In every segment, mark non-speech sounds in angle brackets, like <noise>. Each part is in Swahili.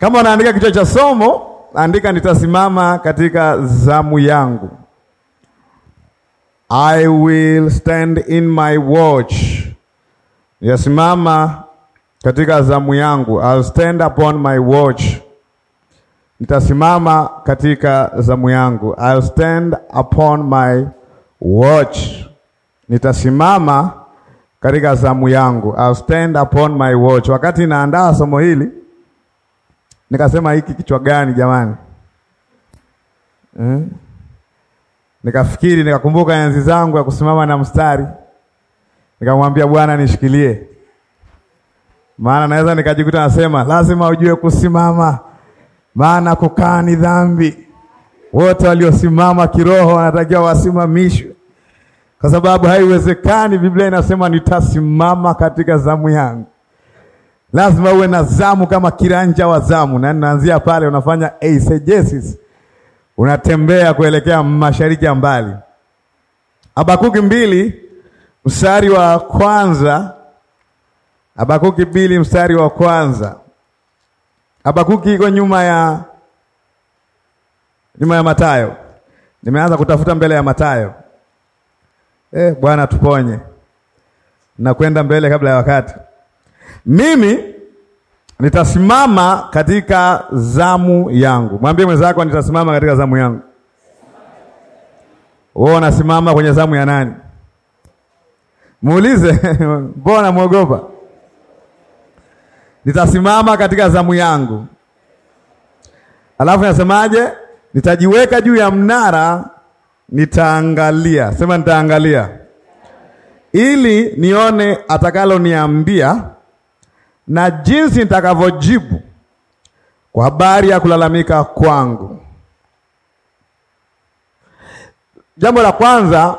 Kama unaandika kichwa cha somo, andika nitasimama katika zamu yangu. I will stand in my watch. Nitasimama katika zamu yangu. I'll stand upon my watch. Nitasimama katika zamu yangu. I'll stand upon my watch. Nitasimama katika zamu yangu. I'll stand upon my watch. Wakati naandaa somo hili Nikasema hiki kichwa gani jamani eh? Nikafikiri, nikakumbuka enzi zangu ya kusimama na mstari, nikamwambia Bwana nishikilie, maana naweza nikajikuta nasema lazima ujue kusimama, maana kukaa ni dhambi. Wote waliosimama kiroho wanatakiwa wasimamishwe, kwa sababu haiwezekani. Biblia inasema nitasimama katika zamu yangu. Lazima uwe na zamu kama kiranja wa zamu, na naanzia pale unafanya eisegesis, unatembea kuelekea mashariki ya mbali. Habakuki mbili mstari wa kwanza Habakuki mbili mstari wa kwanza Habakuki iko nyuma ya nyuma ya Matayo. Nimeanza kutafuta mbele ya Matayo. Eh, Bwana tuponye. Nakwenda mbele kabla ya wakati. Mimi Nitasimama katika zamu yangu. Mwambie mwenzako nitasimama katika zamu yangu. Wewe unasimama kwenye zamu ya nani? Muulize, <laughs> mbona mwogopa? Nitasimama katika zamu yangu. Alafu nasemaje? Nitajiweka juu ya mnara, nitaangalia. Sema nitaangalia. Ili nione atakaloniambia na jinsi nitakavyojibu kwa habari ya kulalamika kwangu. Jambo la kwanza,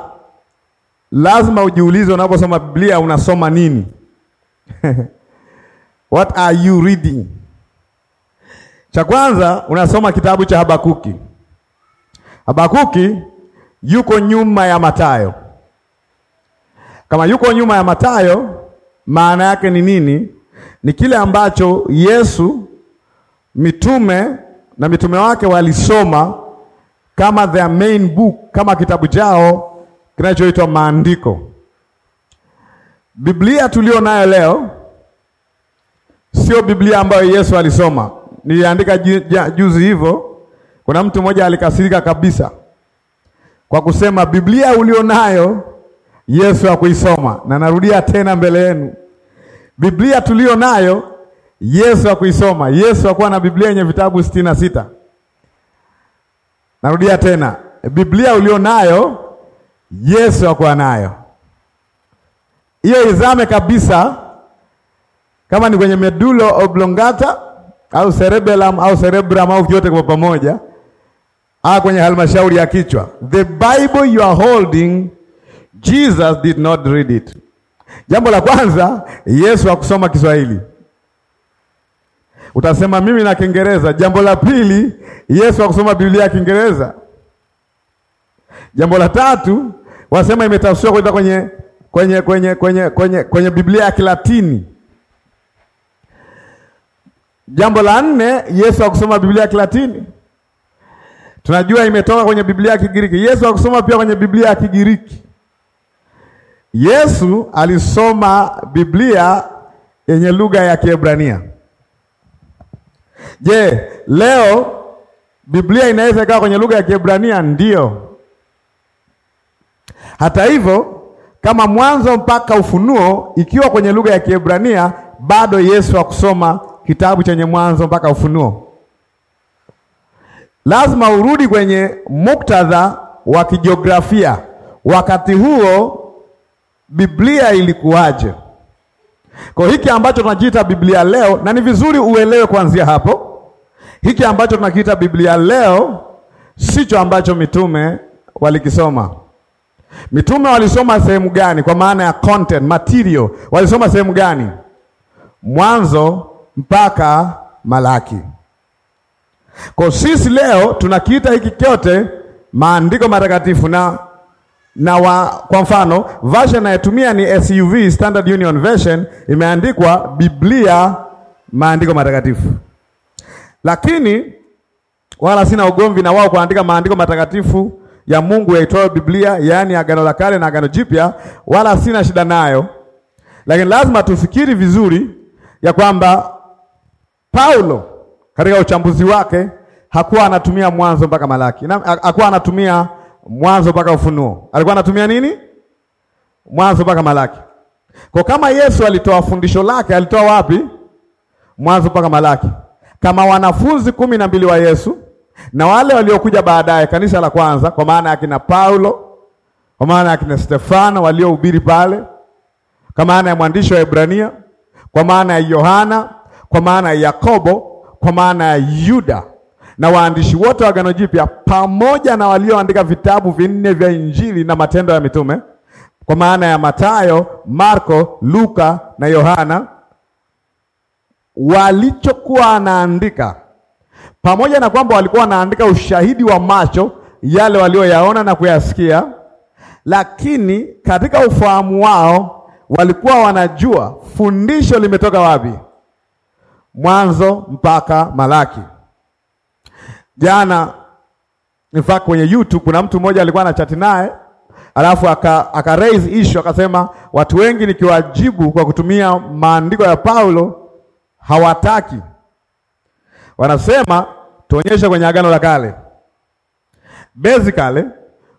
lazima ujiulize unaposoma Biblia unasoma nini? <laughs> What are you reading? Cha kwanza unasoma kitabu cha Habakuki. Habakuki yuko nyuma ya Matayo. Kama yuko nyuma ya Matayo, maana yake ni nini? ni kile ambacho Yesu, mitume na mitume wake walisoma kama their main book, kama kitabu chao kinachoitwa Maandiko. Biblia tulio nayo leo sio Biblia ambayo Yesu alisoma. Niliandika juzi hivyo, kuna mtu mmoja alikasirika kabisa kwa kusema Biblia ulionayo Yesu hakuisoma, na narudia tena mbele yenu Biblia tuliyo nayo Yesu akuisoma. Yesu akuwa na Biblia yenye vitabu sitini na sita. Narudia tena, Biblia ulio nayo Yesu akuwa nayo. Hiyo izame kabisa, kama ni kwenye medulo oblongata au cerebellum au cerebrum au vyote kwa pamoja, au kwenye halmashauri ya kichwa. The Bible you are holding Jesus did not read it. Jambo la kwanza, Yesu hakusoma Kiswahili. Utasema mimi na Kiingereza. Jambo la pili, Yesu hakusoma Biblia ya Kiingereza. Jambo la tatu, wasema imetafsiriwa kwenda kwenye kwenye kwenye kwenye kwenye kwenye Biblia ya Kilatini. Jambo la nne, Yesu hakusoma Biblia ya Kilatini. Tunajua imetoka kwenye Biblia ya Kigiriki. Yesu hakusoma pia kwenye Biblia ya Kigiriki. Yesu alisoma Biblia yenye lugha ya Kiebrania. Je, leo Biblia inaweza ikawa kwenye lugha ya Kiebrania? ndio Hata hivyo, kama Mwanzo mpaka Ufunuo ikiwa kwenye lugha ya Kiebrania, bado Yesu hakusoma kitabu chenye Mwanzo mpaka Ufunuo. Lazima urudi kwenye muktadha wa kijiografia wakati huo Biblia ilikuwaje? Kwa hiki ambacho tunakiita Biblia leo, na ni vizuri uelewe kuanzia hapo, hiki ambacho tunakiita Biblia leo sicho ambacho mitume walikisoma. Mitume walisoma sehemu gani? Kwa maana ya content material, walisoma sehemu gani? Mwanzo mpaka Malaki. Kwa sisi leo tunakiita hiki kyote maandiko matakatifu na na wa, kwa mfano version nayotumia ni SUV Standard Union Version, imeandikwa Biblia maandiko matakatifu, lakini wala sina ugomvi na wao kuandika maandiko matakatifu ya Mungu yaitwayo Biblia, yaani Agano la Kale na Agano Jipya, wala sina shida nayo, lakini lazima tufikiri vizuri ya kwamba Paulo katika uchambuzi wake hakuwa anatumia Mwanzo mpaka Malaki na hakuwa anatumia Mwanzo mpaka Ufunuo. Alikuwa anatumia nini? Mwanzo mpaka Malaki. Kwa kama Yesu alitoa fundisho lake, alitoa wapi? Mwanzo mpaka Malaki. Kama wanafunzi kumi na mbili wa Yesu na wale waliokuja baadaye, kanisa la kwanza, kwa maana ya kina Paulo, kwa maana ya kina Stefano waliohubiri pale, kwa maana ya mwandishi wa Ibrania, kwa maana ya Yohana, kwa maana ya Yakobo, kwa maana ya Yuda na waandishi wote wa Agano Jipya pamoja na walioandika vitabu vinne vya Injili na matendo ya mitume kwa maana ya matayo Marko, Luka na Yohana, walichokuwa wanaandika, pamoja na kwamba walikuwa wanaandika ushahidi wa macho yale walioyaona na kuyasikia, lakini katika ufahamu wao walikuwa wanajua fundisho limetoka wapi, Mwanzo mpaka Malaki. Jana nifa kwenye YouTube kuna mtu mmoja alikuwa na chati naye, alafu aka, aka raise issue akasema, watu wengi nikiwajibu kwa kutumia maandiko ya Paulo hawataki, wanasema tuonyeshe kwenye Agano la Kale. Basically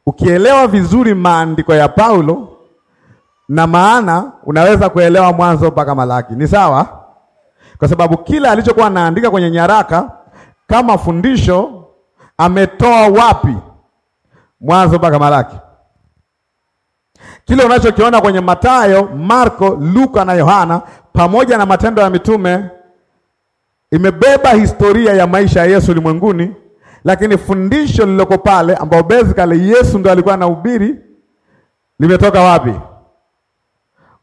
ukielewa vizuri maandiko ya Paulo na maana unaweza kuelewa Mwanzo mpaka Malaki, ni sawa, kwa sababu kila alichokuwa anaandika kwenye nyaraka kama fundisho ametoa wapi? Mwanzo mpaka Malaki. Kile unachokiona kwenye Mathayo, Marko, Luka na Yohana pamoja na Matendo ya Mitume imebeba historia ya maisha ya Yesu ulimwenguni, lakini fundisho lililoko pale, ambao basically Yesu ndo alikuwa anahubiri, limetoka wapi?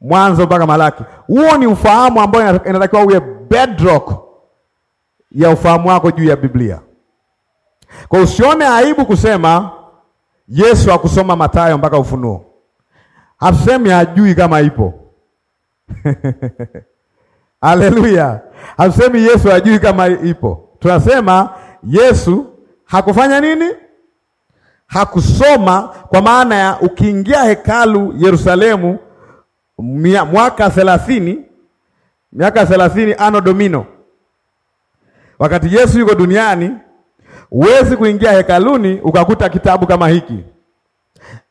Mwanzo mpaka Malaki. Huo ni ufahamu ambao inatakiwa uwe bedrock ya ufahamu wako juu ya Biblia. Kwa usione aibu kusema Yesu akusoma Mathayo mpaka Ufunuo. hasemi hajui kama ipo. <laughs> Haleluya. Hasemi Yesu hajui kama ipo. Tunasema Yesu hakufanya nini? Hakusoma kwa maana ya ukiingia hekalu Yerusalemu mwaka thelathini, miaka thelathini ano domino Wakati Yesu yuko duniani, huwezi kuingia hekaluni ukakuta kitabu kama hiki.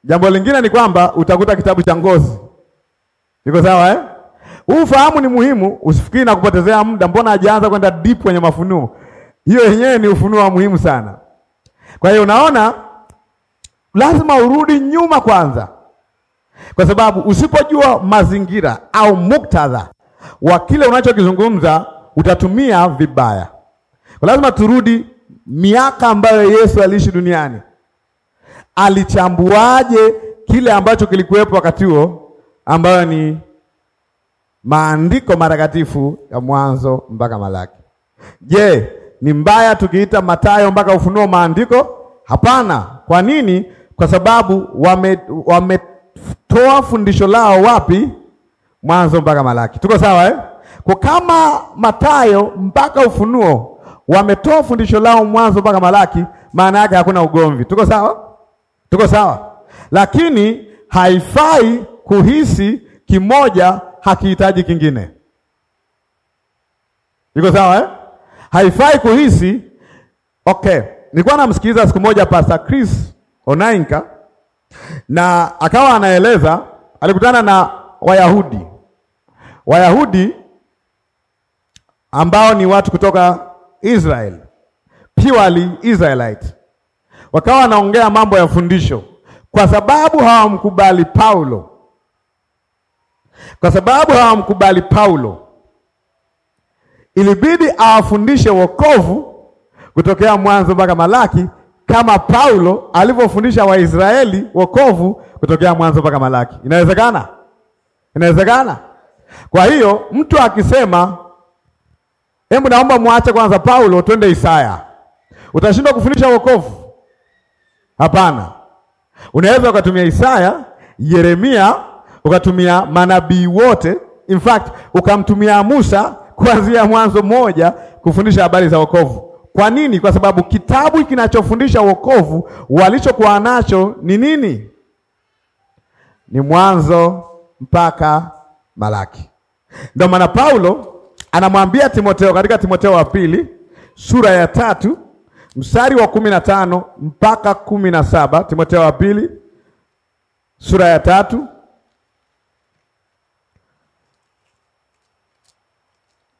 Jambo lingine ni kwamba utakuta kitabu cha ngozi. Iko sawa eh? Huu ufahamu ni muhimu, usifikiri na kupotezea muda. Mbona hajaanza kwenda deep kwenye mafunuo? Hiyo yenyewe ni ufunuo wa muhimu sana. Kwa hiyo unaona, lazima urudi nyuma kwanza, kwa sababu usipojua mazingira au muktadha wa kile unachokizungumza utatumia vibaya. Kwa lazima turudi miaka ambayo Yesu aliishi duniani. Alichambuaje kile ambacho kilikuwepo wakati huo ambayo ni maandiko matakatifu ya Mwanzo mpaka Malaki? Je, ni mbaya tukiita Mathayo mpaka Ufunuo maandiko? Hapana. Kwa nini? Kwa sababu wametoa wame fundisho lao wapi? Mwanzo mpaka Malaki. Tuko sawa eh? Kwa kama Mathayo mpaka Ufunuo wametoa fundisho lao Mwanzo mpaka Malaki, maana yake hakuna ugomvi. Tuko sawa? Tuko sawa, lakini haifai kuhisi kimoja hakihitaji kingine. Iko sawa eh? Haifai kuhisi okay. Nilikuwa namsikiliza siku moja Pastor Chris Onainka na akawa anaeleza, alikutana na Wayahudi Wayahudi ambao ni watu kutoka Israel, purely Israelite. Wakawa wanaongea mambo ya fundisho, kwa sababu hawamkubali Paulo, kwa sababu hawamkubali Paulo, ilibidi awafundishe wokovu kutokea Mwanzo mpaka Malaki, kama Paulo alivyofundisha Waisraeli wokovu kutokea Mwanzo mpaka Malaki. Inawezekana? Inawezekana? Kwa hiyo mtu akisema Hebu naomba muache kwanza Paulo, twende Isaya. Utashindwa kufundisha wokovu? Hapana, unaweza ukatumia Isaya, Yeremia, ukatumia manabii wote, in fact ukamtumia Musa kuanzia Mwanzo moja kufundisha habari za wokovu. Kwa nini? Kwa sababu kitabu kinachofundisha wokovu walichokuwa nacho ni nini? Ni Mwanzo mpaka Malaki. Ndio maana Paulo anamwambia timoteo katika timoteo wa pili sura ya tatu mstari wa kumi na tano mpaka kumi na saba timoteo wa pili sura ya tatu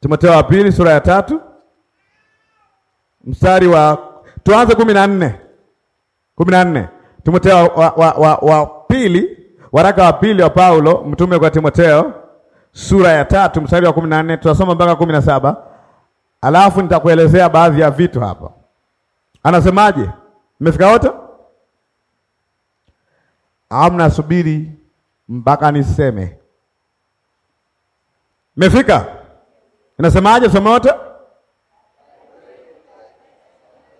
timoteo wa pili sura ya tatu mstari wa tuanze kumi na nne kumi na nne Timotheo wa, wa, wa, wa pili waraka wa pili wa Paulo mtume kwa timoteo sura ya tatu mstari wa kumi na nne tutasoma mpaka kumi na saba alafu nitakuelezea baadhi ya vitu hapa. Anasemaje? mmefika wote? Amna subiri mpaka niseme. Mmefika? Inasemaje? Soma wote.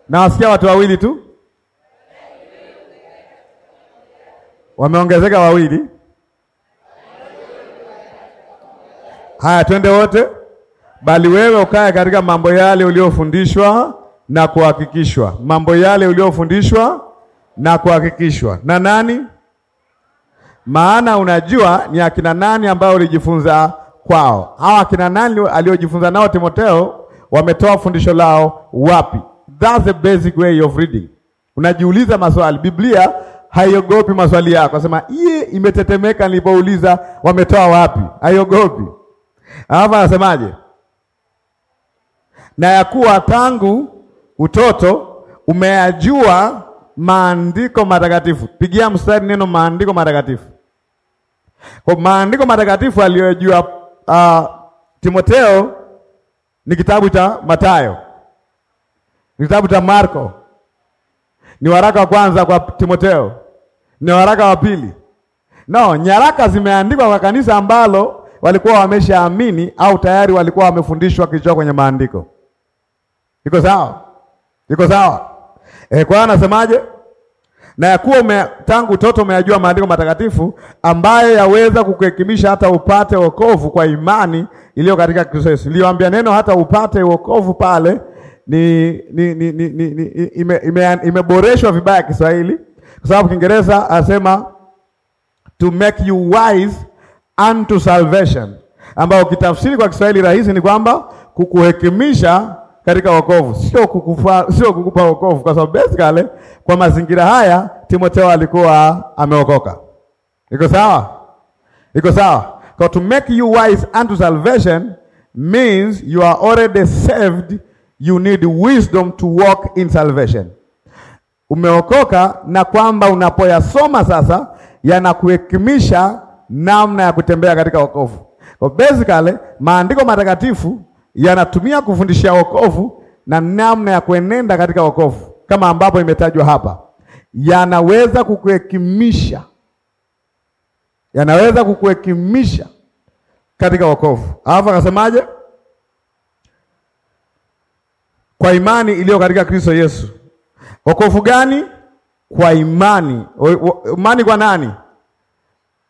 Nawasikia watu wawili tu, wameongezeka wawili Haya, twende wote. Bali wewe ukae katika mambo yale uliofundishwa na kuhakikishwa. Mambo yale uliofundishwa na kuhakikishwa na nani? Maana unajua ni akina nani ambao ulijifunza kwao. Hawa akina nani aliojifunza nao Timotheo, wametoa fundisho lao wapi? That's the basic way of reading. Unajiuliza maswali. Biblia haiogopi maswali yako, sema iye imetetemeka nilipouliza wametoa wapi, haiogopi hapa anasemaje? Na ya kuwa tangu utoto umeyajua maandiko matakatifu. Pigia mstari neno maandiko matakatifu. Kwa maandiko matakatifu aliyojua uh, Timoteo ni kitabu cha Mathayo, ni kitabu cha Marko, ni waraka wa kwanza kwa Timoteo, ni waraka wa pili. No, nyaraka zimeandikwa kwa kanisa ambalo walikuwa wameshaamini au tayari walikuwa wamefundishwa kichwa kwenye maandiko. Iko sawa? Iko sawa? E, kwa anasemaje? Na yakuwa tangu utoto umeyajua maandiko matakatifu ambayo yaweza kukuhekimisha hata upate wokovu kwa imani iliyo katika Kristo Yesu. Niliwaambia neno hata upate wokovu pale ni, ni, ni, ni, ni, ni ime, ime, vibaya Kiswahili kwa sababu Kiingereza asema to make you wise unto salvation, ambao kitafsiri kwa Kiswahili rahisi ni kwamba kukuhekimisha katika wokovu, sio kukufa, sio kukupa wokovu, kwa sababu basically kwa mazingira haya Timotheo alikuwa ameokoka. Iko sawa? Iko sawa? Kwa to make you wise unto salvation means you are already saved, you need wisdom to walk in salvation. Umeokoka na kwamba unapoyasoma sasa yanakuhekimisha namna ya kutembea katika wokovu. Kwa basically maandiko matakatifu yanatumia kufundishia wokovu na namna ya kuenenda katika wokovu, kama ambapo imetajwa hapa, yanaweza kukuhekimisha, yanaweza kukuhekimisha katika wokovu. Alafu akasemaje? Kwa imani iliyo katika Kristo Yesu. Wokovu gani? Kwa imani. Imani kwa nani?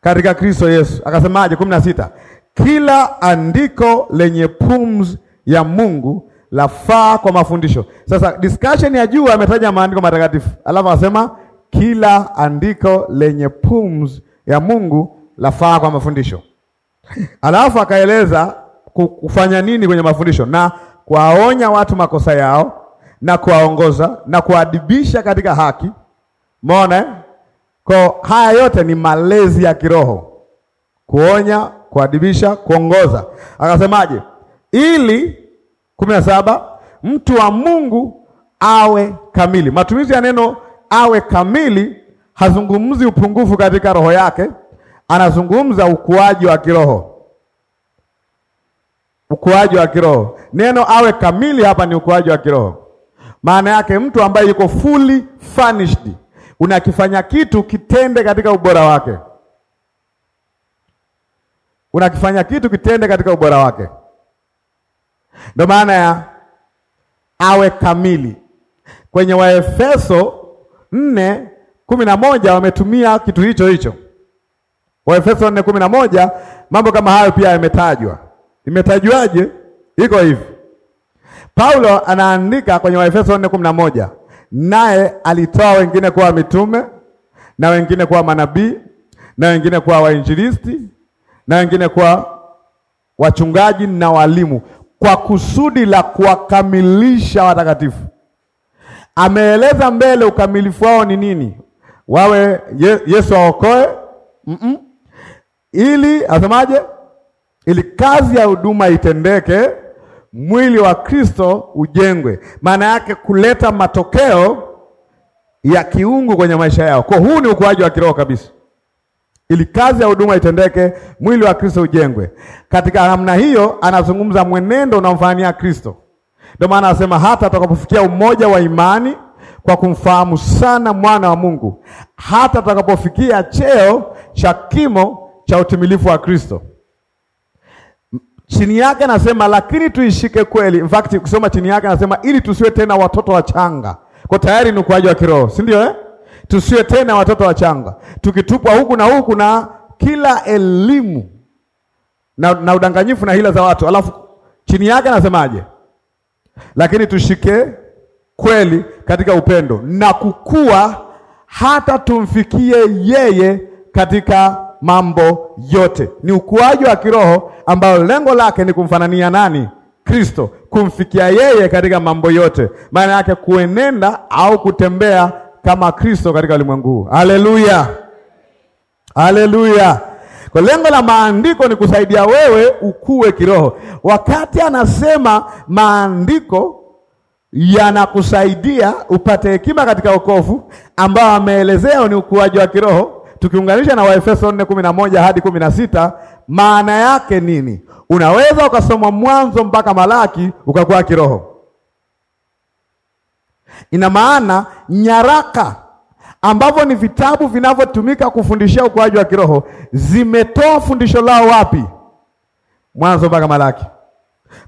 katika Kristo Yesu. Akasemaje? kumi na sita, kila andiko lenye pumzi ya Mungu lafaa kwa mafundisho. Sasa discussion ya juu ametaja maandiko matakatifu, alafu akasema kila andiko lenye pumzi ya Mungu lafaa kwa mafundisho, alafu akaeleza kufanya nini kwenye mafundisho, na kuwaonya watu makosa yao na kuwaongoza na kuadibisha katika haki. Umeona? Eh? Kwa haya yote ni malezi ya kiroho, kuonya, kuadibisha, kuongoza. Akasemaje? Ili kumi na saba, mtu wa Mungu awe kamili. Matumizi ya neno awe kamili hazungumzi upungufu katika roho yake, anazungumza ukuaji wa kiroho. Ukuaji wa kiroho, neno awe kamili hapa ni ukuaji wa kiroho. Maana yake mtu ambaye yuko fully furnished Unakifanya kitu kitende katika ubora wake. Unakifanya kitu kitende katika ubora wake. Ndio maana ya awe kamili. Kwenye Waefeso nne kumi na moja wametumia kitu hicho hicho. Waefeso nne kumi na moja mambo kama hayo pia yametajwa. Imetajwaje? Iko hivi, Paulo anaandika kwenye Waefeso nne kumi na moja naye alitoa wengine kuwa mitume na wengine kuwa manabii na wengine kuwa wainjilisti na wengine kuwa wachungaji na walimu kwa kusudi la kuwakamilisha watakatifu. Ameeleza mbele ukamilifu wao ni nini, wawe Yesu aokoe mm -mm. Ili asemaje, ili kazi ya huduma itendeke mwili wa Kristo ujengwe, maana yake kuleta matokeo ya kiungu kwenye maisha yao. Kwa huu ni ukuaji wa kiroho kabisa, ili kazi ya huduma itendeke, mwili wa Kristo ujengwe. Katika namna hiyo, anazungumza mwenendo unamfanyia Kristo. Ndio maana anasema hata atakapofikia umoja wa imani kwa kumfahamu sana mwana wa Mungu, hata atakapofikia cheo cha kimo cha utimilifu wa Kristo. Chini yake anasema lakini tuishike kweli. In fact kusoma chini yake anasema ili tusiwe tena watoto wachanga, kwa tayari ni ukuaji wa kiroho, si ndio eh? Tusiwe tena watoto wachanga tukitupwa huku na huku na kila elimu na, na udanganyifu na hila za watu. Alafu chini yake anasemaje? Lakini tushike kweli katika upendo na kukua hata tumfikie yeye katika mambo yote. Ni ukuaji wa kiroho ambao lengo lake ni kumfanania nani? Kristo, kumfikia yeye katika mambo yote, maana yake kuenenda au kutembea kama Kristo katika ulimwengu huu. Haleluya, haleluya. Kwa lengo la maandiko ni kusaidia wewe ukue kiroho. Wakati anasema maandiko yanakusaidia upate hekima katika wokovu ambao ameelezea ni ukuaji wa kiroho tukiunganisha na Waefeso 4:11 hadi 16, maana yake nini? Unaweza ukasoma Mwanzo mpaka Malaki ukakuwa kiroho. Ina maana nyaraka ambavyo ni vitabu vinavyotumika kufundishia ukuaji wa kiroho zimetoa fundisho lao wapi? Mwanzo mpaka Malaki.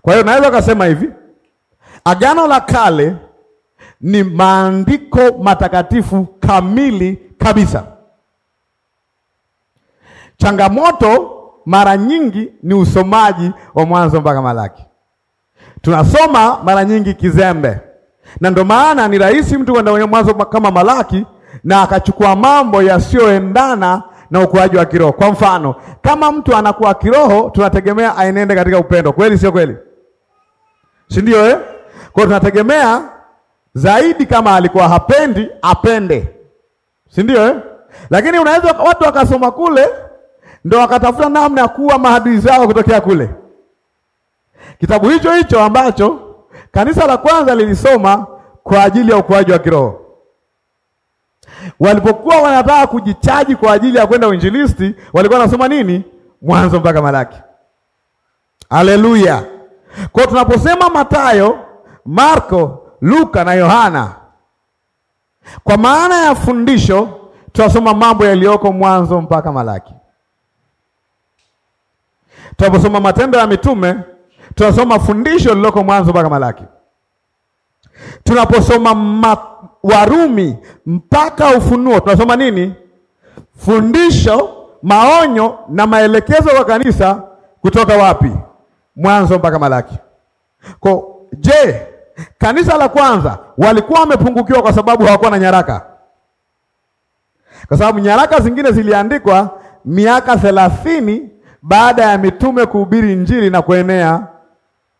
Kwa hiyo naweza ukasema hivi, Agano la Kale ni maandiko matakatifu kamili kabisa. Changamoto mara nyingi ni usomaji wa Mwanzo mpaka Malaki. Tunasoma mara nyingi kizembe, na ndio maana ni rahisi mtu kwenda kwenye Mwanzo kama Malaki na akachukua mambo yasiyoendana na ukuaji wa kiroho. Kwa mfano, kama mtu anakuwa kiroho, tunategemea aenende katika upendo, kweli sio kweli? Si ndio eh? Kwa tunategemea zaidi, kama alikuwa hapendi apende, si ndio eh? Lakini unaweza watu wakasoma kule ndo wakatafuta namna ya kuua maadui zao kutokea kule. Kitabu hicho hicho ambacho kanisa la kwanza lilisoma kwa ajili ya ukuaji wa kiroho, walipokuwa wanataka kujichaji kwa ajili ya kwenda uinjilisti, walikuwa wanasoma nini? Mwanzo mpaka Malaki. Haleluya! Kwa tunaposema Mathayo, Marko, Luka na Yohana, kwa maana ya fundisho tunasoma mambo yaliyoko Mwanzo mpaka Malaki. Tunaposoma Matendo ya Mitume tunasoma fundisho liloko Mwanzo mpaka Malaki. Tunaposoma ma Warumi mpaka Ufunuo tunasoma nini? Fundisho, maonyo na maelekezo kwa kanisa kutoka wapi? Mwanzo mpaka Malaki. Kwa je, kanisa la kwanza walikuwa wamepungukiwa kwa sababu hawakuwa na nyaraka? Kwa sababu nyaraka zingine ziliandikwa miaka thelathini baada ya mitume kuhubiri Injili na kuenea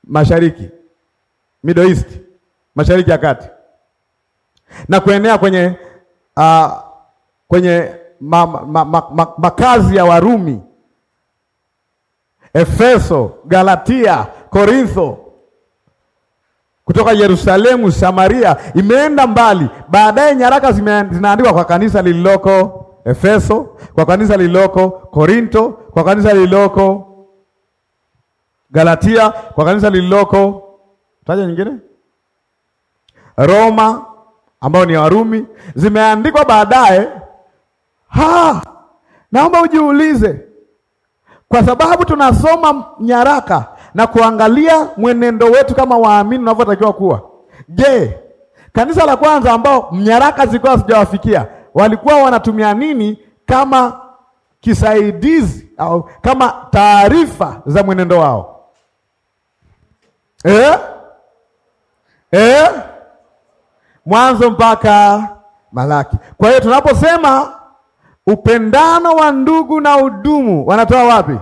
mashariki, Middle East, mashariki ya kati na kuenea kwenye uh, kwenye ma, ma, ma, ma, makazi ya Warumi, Efeso, Galatia, Korintho, kutoka Yerusalemu, Samaria, imeenda mbali. Baadaye nyaraka zinaandikwa kwa kanisa lililoko Efeso, kwa kanisa lililoko Korinto, kwa kanisa lililoko Galatia, kwa kanisa lililoko taja nyingine Roma, ambao ni Warumi, zimeandikwa baadaye. Ha, naomba ujiulize, kwa sababu tunasoma nyaraka na kuangalia mwenendo wetu kama waamini unavyotakiwa kuwa. Je, kanisa la kwanza ambao nyaraka zilikuwa hazijawafikia walikuwa wanatumia nini kama kisaidizi au kama taarifa za mwenendo wao eh? Eh? Mwanzo mpaka Malaki. Kwa hiyo tunaposema upendano wa ndugu na udumu, wanatoa wapi?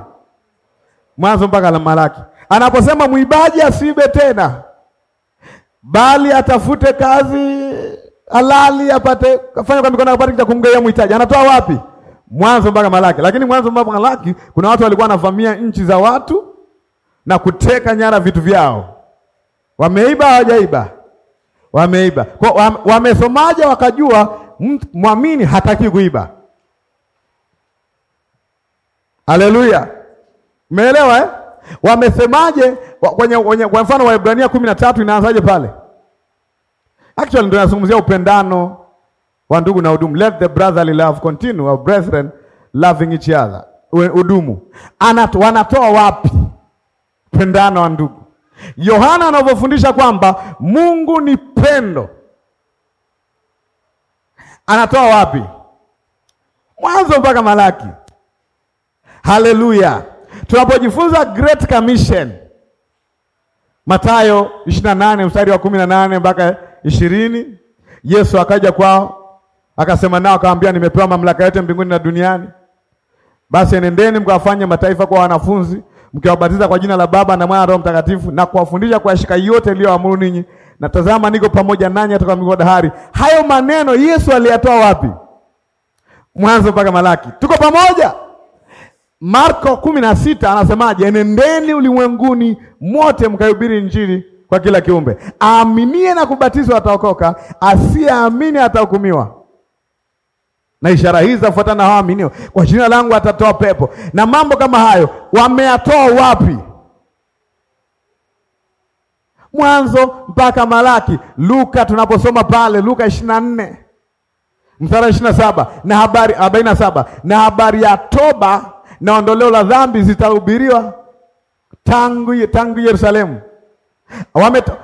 Mwanzo mpaka la Malaki. Anaposema mwibaji asibe tena, bali atafute kazi halali apate afanye kwa mikono apate cha kumgawia mhitaji, anatoa wapi? Mwanzo mpaka Malaki. Lakini mwanzo mpaka Malaki kuna watu walikuwa wanavamia nchi za watu na kuteka nyara vitu vyao. Wameiba hawajaiba? Wameiba. Kwa wamesomaje wakajua mwamini hataki kuiba? Haleluya. Umeelewa eh? Wamesemaje kwenye kwa mfano Waebrania kumi na tatu inaanzaje pale? Actually ndio nazungumzia upendano ndugu na udumu, let the brotherly love continue, our brethren loving each other. Udumu Anat, wanatoa wapi pendano wa ndugu? Yohana anavyofundisha kwamba Mungu ni pendo, anatoa wapi? Mwanzo mpaka Malaki. Haleluya! Tunapojifunza Great Commission, Mathayo 28 mstari wa 18 mpaka ishirini, Yesu akaja kwao Akasema nao akamwambia, nimepewa mamlaka yote mbinguni na duniani. Basi nendeni mkawafanye mataifa kwa wanafunzi, mkiwabatiza kwa jina la Baba na Mwana na Roho Mtakatifu, na kuwafundisha kuyashika yote niliyoamuru ninyi, na tazama, niko pamoja nanyi hata kwa dahari. Hayo maneno Yesu aliyatoa wapi? Mwanzo mpaka Malaki, tuko pamoja. Marko kumi na sita anasemaje? Nendeni ulimwenguni mote mkahubiri Injili kwa kila kiumbe, aaminie na kubatizwa ataokoka, asiyeamini atahukumiwa na ishara hizi zafuatana na waaminio, kwa jina langu atatoa pepo na mambo kama hayo. Wameyatoa wapi? Mwanzo mpaka Malaki. Luka tunaposoma pale Luka ishirini na nne mstari ishirini na saba na habari arobaini na saba na habari ya toba na ondoleo la dhambi zitahubiriwa tangu tangu Yerusalemu.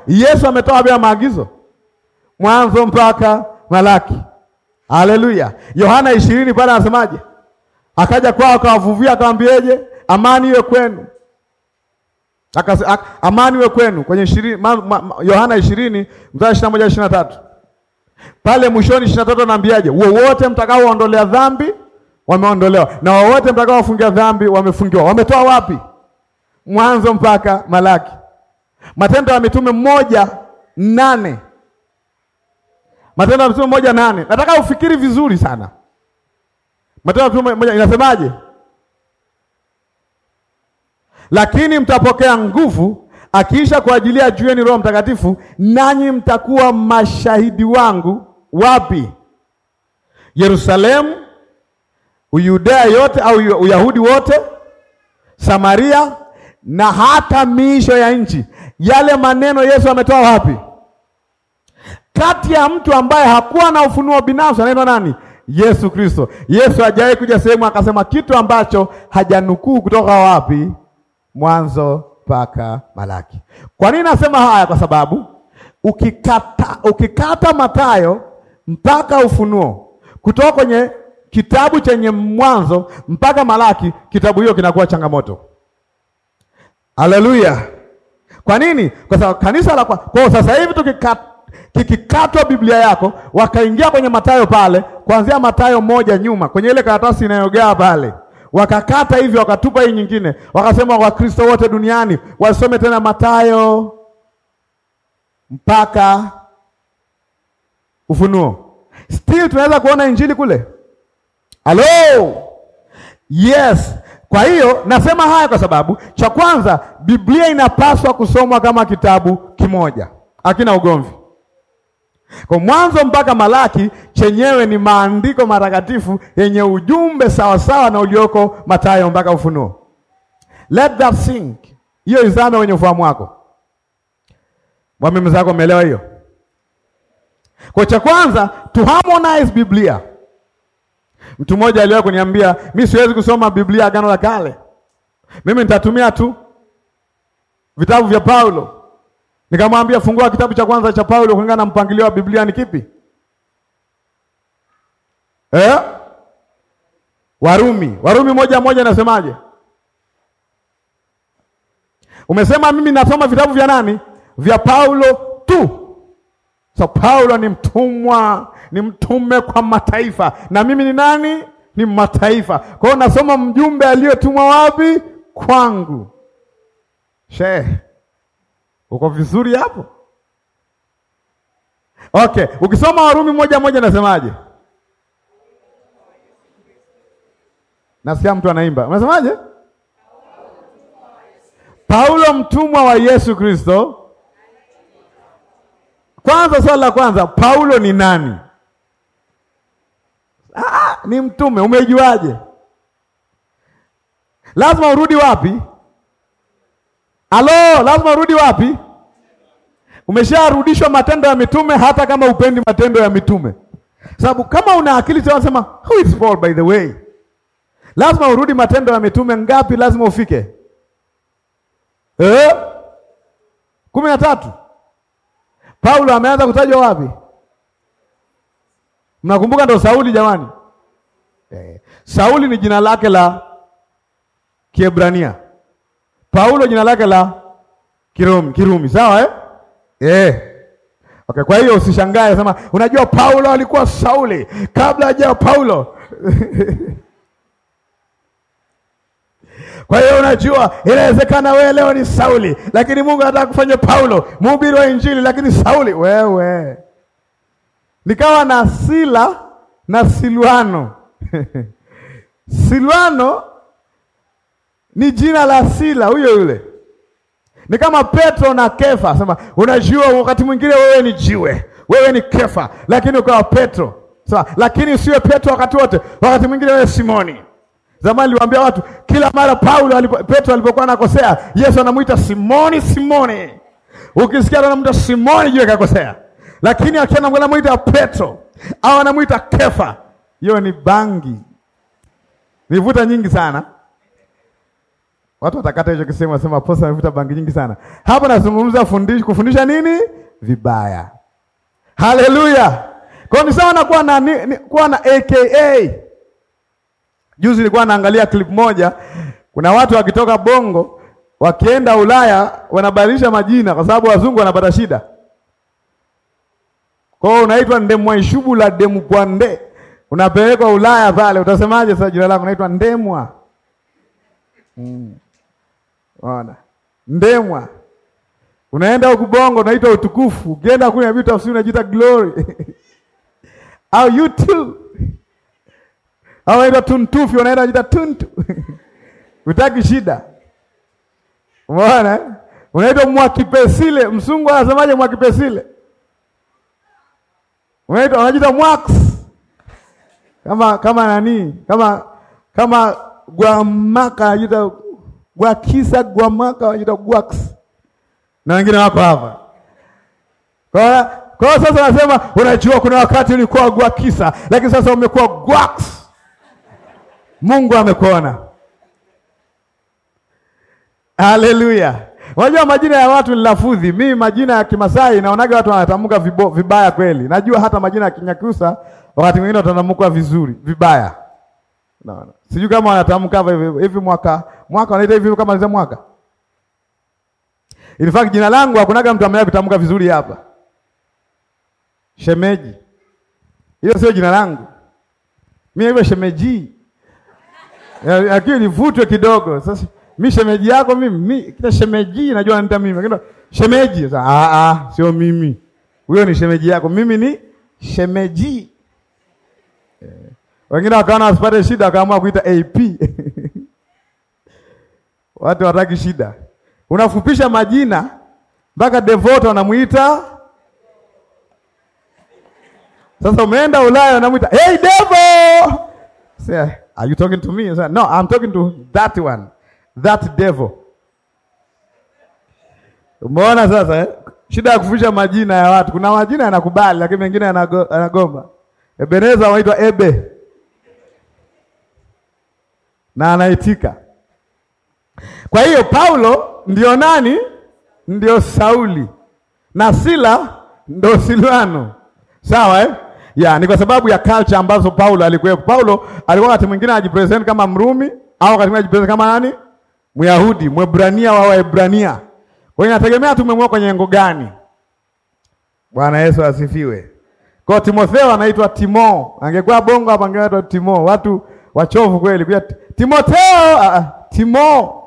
Yesu ametoa bila maagizo, Mwanzo mpaka Malaki. Haleluya. Yohana ishirini pale anasemaje? Akaja kwao akawavuvia akamwambieje? Amani iwe kwenu. ak, amani iwe kwenu kwenye 20 Yohana ishirini mstari 21 tatu Pale mwishoni tatu anaambiaje? Wowote mtakaoondolea dhambi wameondolewa na wowote mtakaofungia dhambi wamefungiwa. Wametoa wapi? Mwanzo mpaka Malaki. Matendo ya Mitume moja nane Matendo ya Mitume moja nane. Nataka ufikiri vizuri sana. Matendo ya Mitume moja inasemaje? Lakini mtapokea nguvu akiisha kuajilia jueni Roho Mtakatifu, nanyi mtakuwa mashahidi wangu wapi? Yerusalemu, Uyudea yote au Uyahudi wote, Samaria na hata miisho ya nchi. Yale maneno Yesu ametoa wapi? Kati ya mtu ambaye hakuwa na ufunuo binafsi anaitwa nani? Yesu Kristo. Yesu hajawahi kuja sehemu akasema kitu ambacho hajanukuu kutoka wapi? Mwanzo mpaka Malaki. Kwa nini nasema haya? Kwa sababu ukikata, ukikata Mathayo mpaka Ufunuo, kutoka kwenye kitabu chenye Mwanzo mpaka Malaki, kitabu hiyo kinakuwa changamoto. Haleluya! Kwa nini? Kwa sababu kanisa la kwa, kwa sasa hivi tukikata kikikatwa Biblia yako, wakaingia kwenye Mathayo pale, kuanzia Mathayo moja nyuma kwenye ile karatasi inayogaa pale, wakakata hivyo, wakatupa hii nyingine, wakasema Wakristo wote duniani wasome tena Mathayo mpaka Ufunuo. Still tunaweza kuona injili kule. Hello? Yes. Kwa hiyo nasema haya kwa sababu cha kwanza, Biblia inapaswa kusomwa kama kitabu kimoja, hakina ugomvi. Kwa Mwanzo mpaka Malaki chenyewe ni maandiko matakatifu yenye ujumbe sawasawa na ulioko Mathayo mpaka Ufunuo. Let that sink. Hiyo izame kwenye ufahamu wako. Mwami mzako umeelewa hiyo? Kwa cha kwanza to harmonize Biblia. Mtu mmoja aliwahi kuniambia, mi siwezi kusoma Biblia Agano la Kale, mimi nitatumia tu vitabu vya Paulo Nikamwambia fungua kitabu cha kwanza cha Paulo kulingana na mpangilio wa Biblia ni kipi? Eh? Warumi. Warumi moja moja nasemaje Umesema mimi nasoma vitabu vya nani? Vya Paulo tu. So Paulo ni mtumwa, ni mtume kwa mataifa. Na mimi ni nani? Ni mataifa. Kwa hiyo nasoma mjumbe aliyotumwa wapi? Kwangu. Shehe. Uko vizuri hapo? Okay, ukisoma Warumi moja moja nasemaje? Nasikia mtu anaimba, unasemaje? Paulo mtumwa wa Yesu Kristo. Kwanza, swali la kwanza, Paulo ni nani? Ah, ni mtume. Umejuaje? Lazima urudi wapi? Halo, lazima urudi wapi? Umesharudishwa matendo ya mitume, hata kama upendi matendo ya mitume, sababu kama una akili unasema who is Paul by the way, lazima urudi matendo ya mitume. Ngapi lazima ufike eh? kumi na tatu. Paulo ameanza kutajwa wapi? Mnakumbuka ndo Sauli jamani, eh. Sauli ni jina lake la Kiebrania Paulo jina lake la Kirumi, Kirumi, sawa eh? Eh. Okay, kwa hiyo usishangae, sema unajua Paulo alikuwa Sauli kabla hajawa Paulo. <laughs> Kwa hiyo unajua, inawezekana wewe leo ni Sauli, lakini Mungu anataka kufanya Paulo mhubiri wa Injili, lakini Sauli wewe. Nikawa na Sila na Silwano <laughs> Silwano ni jina la sila huyo yule. Ni kama Petro na Kefa, sema unajua, wakati mwingine wewe ni jiwe, wewe ni Kefa, lakini ukawa Petro. Sema, lakini usiwe Petro wakati wote. Wakati mwingine wewe Simoni. Zamani niliwaambia watu kila mara Paulo alipo, Petro alipokuwa anakosea, Yesu anamuita Simoni, Simoni. Ukisikia anamuita Simoni jiwe kakosea. Lakini akiona anamuita Petro au anamuita Kefa, hiyo ni bangi. Nivuta nyingi sana. Watu watakata hicho kisema wasema posa amevuta bangi nyingi sana. Hapo nazungumza fundish, kufundisha nini? Vibaya. Haleluya. Kwa ni sawa na kuwa na ni, ni, kuwa na AKA. Juzi nilikuwa naangalia clip moja, kuna watu wakitoka Bongo wakienda Ulaya wanabadilisha majina kwa sababu wazungu wanapata shida. Kwa hiyo unaitwa Ndemwa Ishubula Demu Kwande. Unapelekwa Ulaya pale, utasemaje sasa jina lako? Naitwa Ndemwa. Mm. Unaona? Ndemwa. Unaenda huku Bongo unaitwa utukufu. Ukienda kule vitu tafsiri unajiita glory. <laughs> Au too. Au unaenda tuntufi unaenda unajiita tuntu. <laughs> Utaki shida. Unaona? Unaitwa mwakipesile, msungu anasemaje mwakipesile? Unaitwa unajiita mwax. Kama kama nani? Kama kama Gwamaka anajiita gwa kisa gwa gwax, na wengine wako hapa kwa kwa sasa. nasema unajua, kuna wakati ulikuwa gwa kisa, lakini sasa umekuwa gwax. Mungu amekuona. Haleluya! Unajua majina ya watu ni lafudhi. Mimi majina ya Kimasai naonaga watu wanatamka vibaya kweli. Najua hata majina ya Kinyakusa wakati mwingine watatamka vizuri, vibaya Naona. Sijui kama wanatamka hivi hivi mwaka. Mwaka wanaita hivi kama ni mwaka. In fact jina langu hakunaga mtu amewahi kutamka vizuri hapa. Shemeji. Hiyo sio jina langu. Mimi hivyo shemeji. Eh, lakini nivutwe kidogo. Sasa mimi shemeji yako mimi, mimi kita shemeji najua nita mimi. Lakini shemeji sasa a ah, a ah, sio mimi. Huyo ni shemeji yako. Mimi ni shemeji. Eh. Wengine wakaona wasipate shida, akaamua kuita AP <laughs> watu wataki shida, unafupisha majina mpaka Devoto anamuita. sasa. Umeenda Ulaya anamuita hey Devo, say are you talking to me? Say, no I'm talking to that one that devil. Umeona sasa eh? Shida ya kufupisha majina ya watu. Kuna majina yanakubali, lakini mengine yanagomba. Ebeneza wanaitwa Ebe na anaitika. Kwa hiyo Paulo ndio nani? Ndio Sauli na Sila ndio Silwano, sawa eh? Ya, ni kwa sababu ya culture ambazo Paulo alikuwepo. Paulo alikuwa wakati mwingine anajipresent kama Mrumi au wakati mwingine anajipresent kama nani? Myahudi, Mwebrania wa Waebrania. Kwa hiyo inategemea tumemweka kwenye ngo gani. Bwana Yesu asifiwe. Kwa Timotheo anaitwa Timo. Angekuwa bongo hapa angeitwa Timo. Watu wachovu kweli. Kwa Timotheo, uh, Timo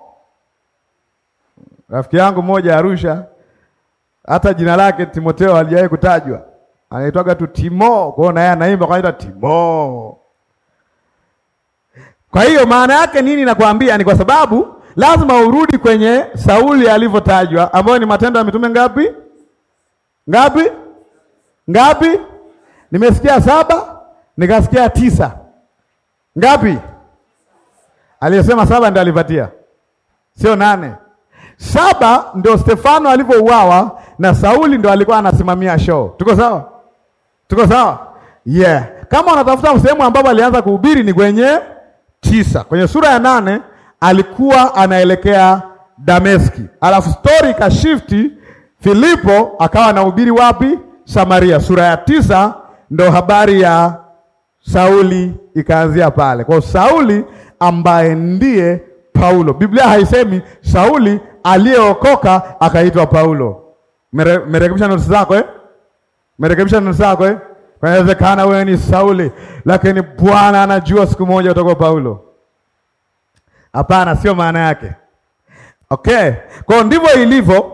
rafiki yangu mmoja Arusha, hata jina lake Timotheo alijawahi kutajwa, anaitwaga tu Timo. Kwa hiyo naye anaimba kanaita Timo. Kwa hiyo maana yake nini? Nakwambia ni kwa sababu lazima urudi kwenye Sauli alivyotajwa, ambayo ni Matendo ya Mitume ngapi ngapi ngapi? Nimesikia saba, nikasikia tisa, ngapi? Aliyesema saba ndio alipatia, sio nane. Saba ndio Stefano alivyouawa na Sauli ndio alikuwa anasimamia show. Tuko sawa? Tuko sawa? Yeah. Kama unatafuta sehemu ambapo alianza kuhubiri ni kwenye tisa, kwenye sura ya nane alikuwa anaelekea Dameski, alafu stori ikashifti, Filipo akawa anahubiri wapi? Samaria. Sura ya tisa ndo habari ya Sauli ikaanzia pale. Kwa Sauli ambaye ndiye Paulo. Biblia haisemi Sauli aliyeokoka akaitwa Paulo. Mere, merekebisha noti zako eh? Merekebisha notes zako eh? Inawezekana wewe ni Sauli, lakini Bwana anajua siku moja utakuwa Paulo. Hapana, sio maana yake. Okay, kwa hiyo ndivyo ilivyo,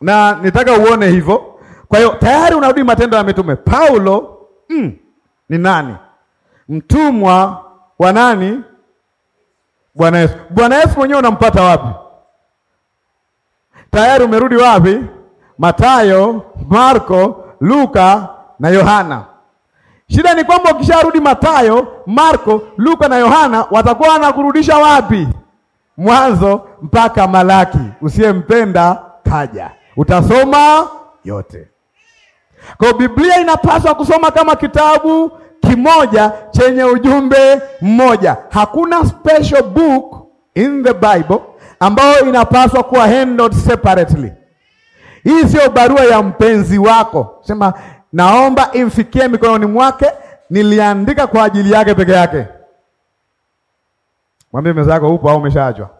na nitaka uone hivyo. Kwa hiyo tayari unarudi Matendo ya Mitume. Paulo mm, ni nani? Mtumwa wa nani? Bwana Yesu. Bwana Yesu mwenyewe unampata wapi? Tayari umerudi wapi? Matayo, Marko, Luka na Yohana. Shida ni kwamba ukisharudi Matayo, Marko, Luka na Yohana watakuwa wanakurudisha wapi? Mwanzo mpaka Malaki. Usiyempenda kaja. Utasoma yote. Kwa Biblia inapaswa kusoma kama kitabu kimoja chenye ujumbe mmoja. Hakuna special book in the Bible ambayo inapaswa kuwa handled separately. Hii sio barua ya mpenzi wako, sema naomba imfikie mikononi mwake, niliandika kwa ajili yake peke yake. Mwambie mwenzako upo au umeshaachwa?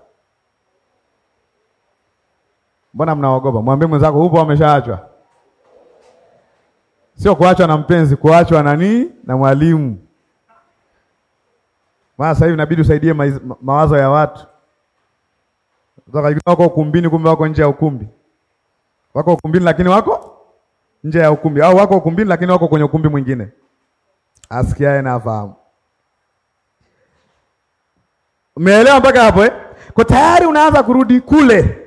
Mbona mnaogopa? Mwambie mwenzako upo au umeshaachwa? Sio kuachwa na mpenzi, kuachwa na nini? Na mwalimu. Maana sasa hivi inabidi usaidie ma mawazo ya watu. Wako ukumbini, kumbe wako nje ya ukumbi. Wako ukumbini, lakini wako nje ya ukumbi, au wako ukumbini, lakini wako kwenye ukumbi mwingine. Asikiaye na afahamu. Umeelewa mpaka hapo eh? Kwa tayari unaanza kurudi kule.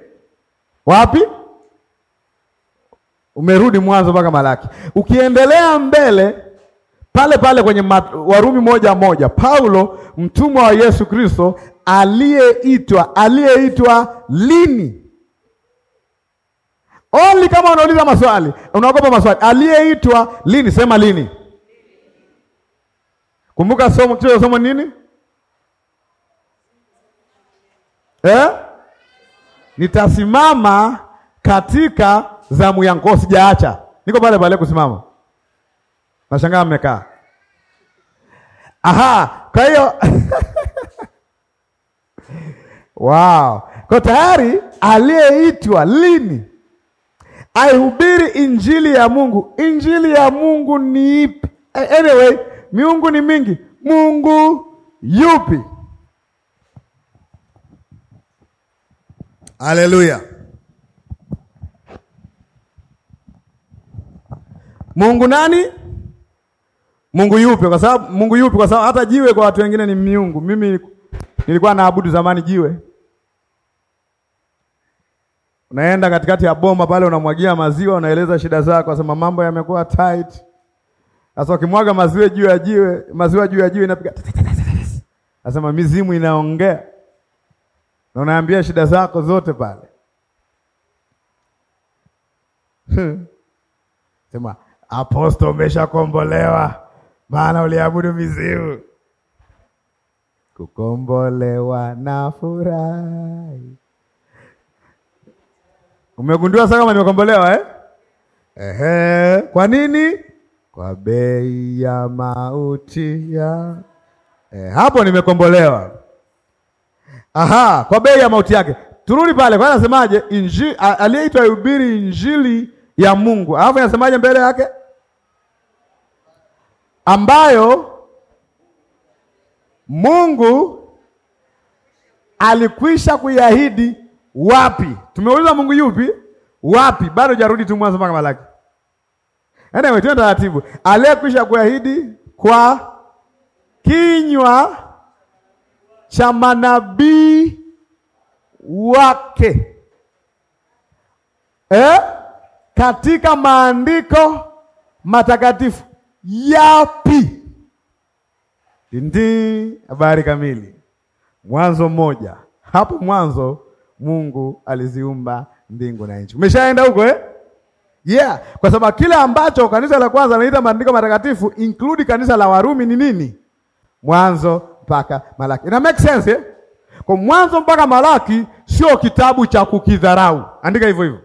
Wapi? Umerudi mwanzo mpaka Malaki. Ukiendelea mbele pale pale kwenye mat, Warumi moja moja, Paulo mtumwa wa Yesu Kristo aliyeitwa aliyeitwa lini? Only kama unauliza maswali, unaogopa maswali. Aliyeitwa lini? Sema lini. Kumbuka somo kicho somo nini? Eh? Nitasimama katika zamu ya ngoo sijaacha, niko pale pale kusimama. Nashangaa mmekaa. Aha, kwa hiyo <laughs> wow, kwa tayari aliyeitwa lini aihubiri injili ya Mungu. Injili ya Mungu ni ipi? Anyway, miungu ni mingi, Mungu yupi? Haleluya. Mungu nani? Mungu yupi? Kwa sababu Mungu yupi? Kwa sababu hata jiwe kwa watu wengine ni miungu. Mimi nilikuwa naabudu zamani jiwe. Unaenda katikati ya boma pale, unamwagia maziwa, unaeleza shida zako, unasema mambo yamekuwa tight. Sasa ukimwaga maziwa juu ya jiwe, maziwa juu ya jiwe inapiga. nasema mizimu inaongea. Na unaambia shida zako zote pale. <laughs> Sema Aposto, umeshakombolewa, maana uliabudu vizivu. Kukombolewa na furahi. Umegundua sasa kama nimekombolewa eh? Ehe, kwa nini? Kwa bei ya mauti ya eh, hapo nimekombolewa. Aha, kwa bei ya mauti yake. Turudi pale, kwa anasemaje? aliyeitwa hubiri injili ya Mungu. Alafu anasemaje mbele yake? ambayo Mungu alikwisha kuiahidi wapi? Tumeuliza Mungu yupi? Wapi? Bado jarudi tu Mwanzo mpaka Malaki. Anyway, tuende taratibu. Aliyekwisha kuahidi kwa kinywa cha manabii wake eh, katika maandiko matakatifu yapi? Ndii habari kamili. Mwanzo mmoja. Hapo mwanzo Mungu aliziumba mbingu na nchi. Umeshaenda huko eh? Yeah, kwa sababu kile ambacho kanisa la kwanza linaita maandiko matakatifu include kanisa la Warumi ni nini? Mwanzo mpaka Malaki. Ina make sense eh? Kwa mwanzo mpaka Malaki sio kitabu cha kukidharau. Andika hivyo hivyo.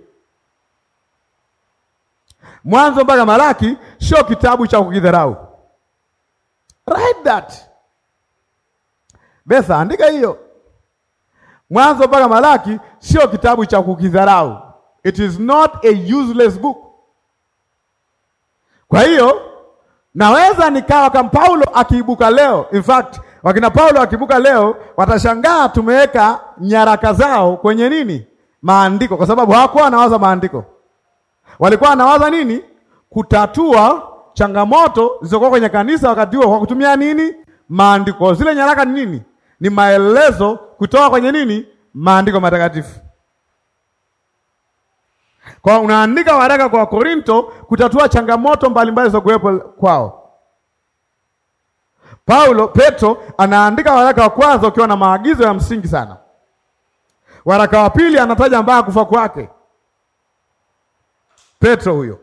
Mwanzo mpaka Malaki sio kitabu cha kukidharau. Write that. Besa, andika hiyo. Mwanzo mpaka Malaki sio kitabu cha kukidharau. It is not a useless book. Kwa hiyo naweza nikawa kama Paulo akiibuka leo. In fact, wakina Paulo akiibuka leo watashangaa tumeweka nyaraka zao kwenye nini? Maandiko, kwa sababu hawakuwa wanawaza maandiko. Walikuwa wanawaza nini? Kutatua changamoto zilizokuwa kwenye kanisa wakati huo kwa kutumia nini? Maandiko. Zile nyaraka ni nini? Ni maelezo kutoka kwenye nini? Maandiko matakatifu. Kwa unaandika waraka kwa Korinto kutatua changamoto mbalimbali zilizokuwepo kwao. Paulo Petro anaandika waraka wa kwanza ukiwa na maagizo ya msingi sana. Waraka wa pili anataja mbaya kufa kwake. Petro huyo.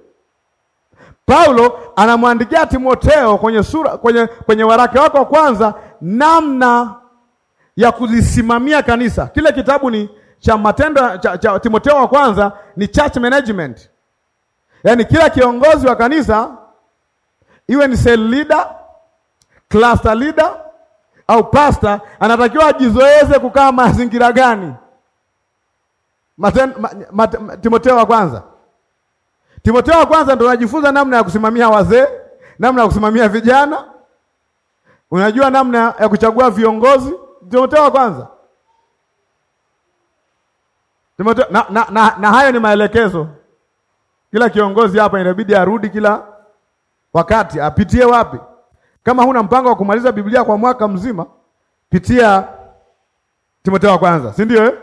Paulo anamwandikia Timoteo kwenye sura kwenye, kwenye waraka wako wa kwanza namna ya kulisimamia kanisa. Kile kitabu ni cha matendo cha, cha Timoteo wa kwanza ni church management, yaani kila kiongozi wa kanisa iwe ni cell leader, cluster leader au pastor anatakiwa ajizoeze kukaa mazingira gani? Maten, ma, ma, Timoteo wa kwanza Timotheo wa kwanza ndo unajifunza namna ya kusimamia wazee, namna ya kusimamia vijana, unajua namna ya kuchagua viongozi. Timotheo wa kwanza Timotheo, na, na, na, na hayo ni maelekezo. Kila kiongozi hapa inabidi arudi kila wakati apitie wapi? Kama huna mpango wa kumaliza Biblia kwa mwaka mzima, pitia Timotheo wa kwanza, si ndio? Eh,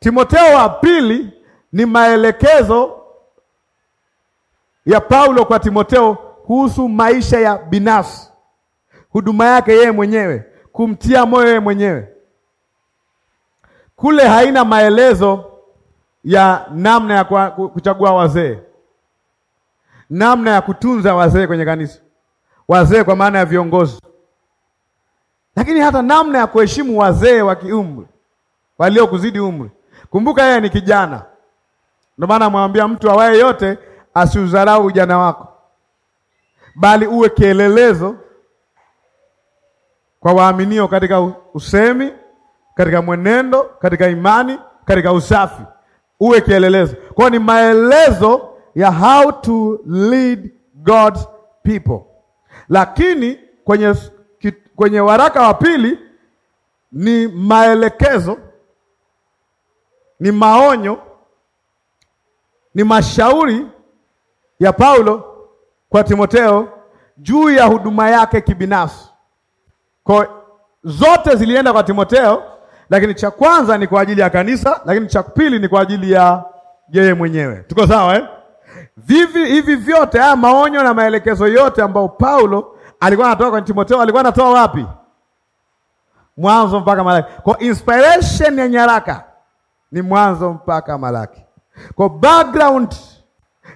Timotheo wa pili ni maelekezo ya Paulo kwa Timoteo kuhusu maisha ya binafsi, huduma yake yeye mwenyewe, kumtia moyo yeye mwenyewe. Kule haina maelezo ya namna ya kuchagua wazee, namna ya kutunza wazee kwenye kanisa, wazee kwa maana ya viongozi, lakini hata namna ya kuheshimu wazee wa kiumri waliokuzidi umri. Kumbuka yeye ni kijana, ndio maana amwambia mtu awaye yote asiudharau ujana wako, bali uwe kielelezo kwa waaminio katika usemi, katika mwenendo, katika imani, katika usafi, uwe kielelezo. Kwa ni maelezo ya how to lead God's people, lakini kwenye, kwenye waraka wa pili ni maelekezo, ni maonyo, ni mashauri ya Paulo kwa Timoteo juu ya huduma yake kibinafsi. Kwa zote zilienda kwa Timoteo, lakini cha kwanza ni kwa ajili ya kanisa, lakini cha pili ni kwa ajili ya yeye mwenyewe. Tuko sawa eh? Vivi hivi vyote haya maonyo na maelekezo yote ambayo Paulo alikuwa anatoa kwa Timoteo, alikuwa anatoa wapi? Mwanzo mpaka Malaki. Kwa inspiration ya nyaraka ni Mwanzo mpaka Malaki. Kwa background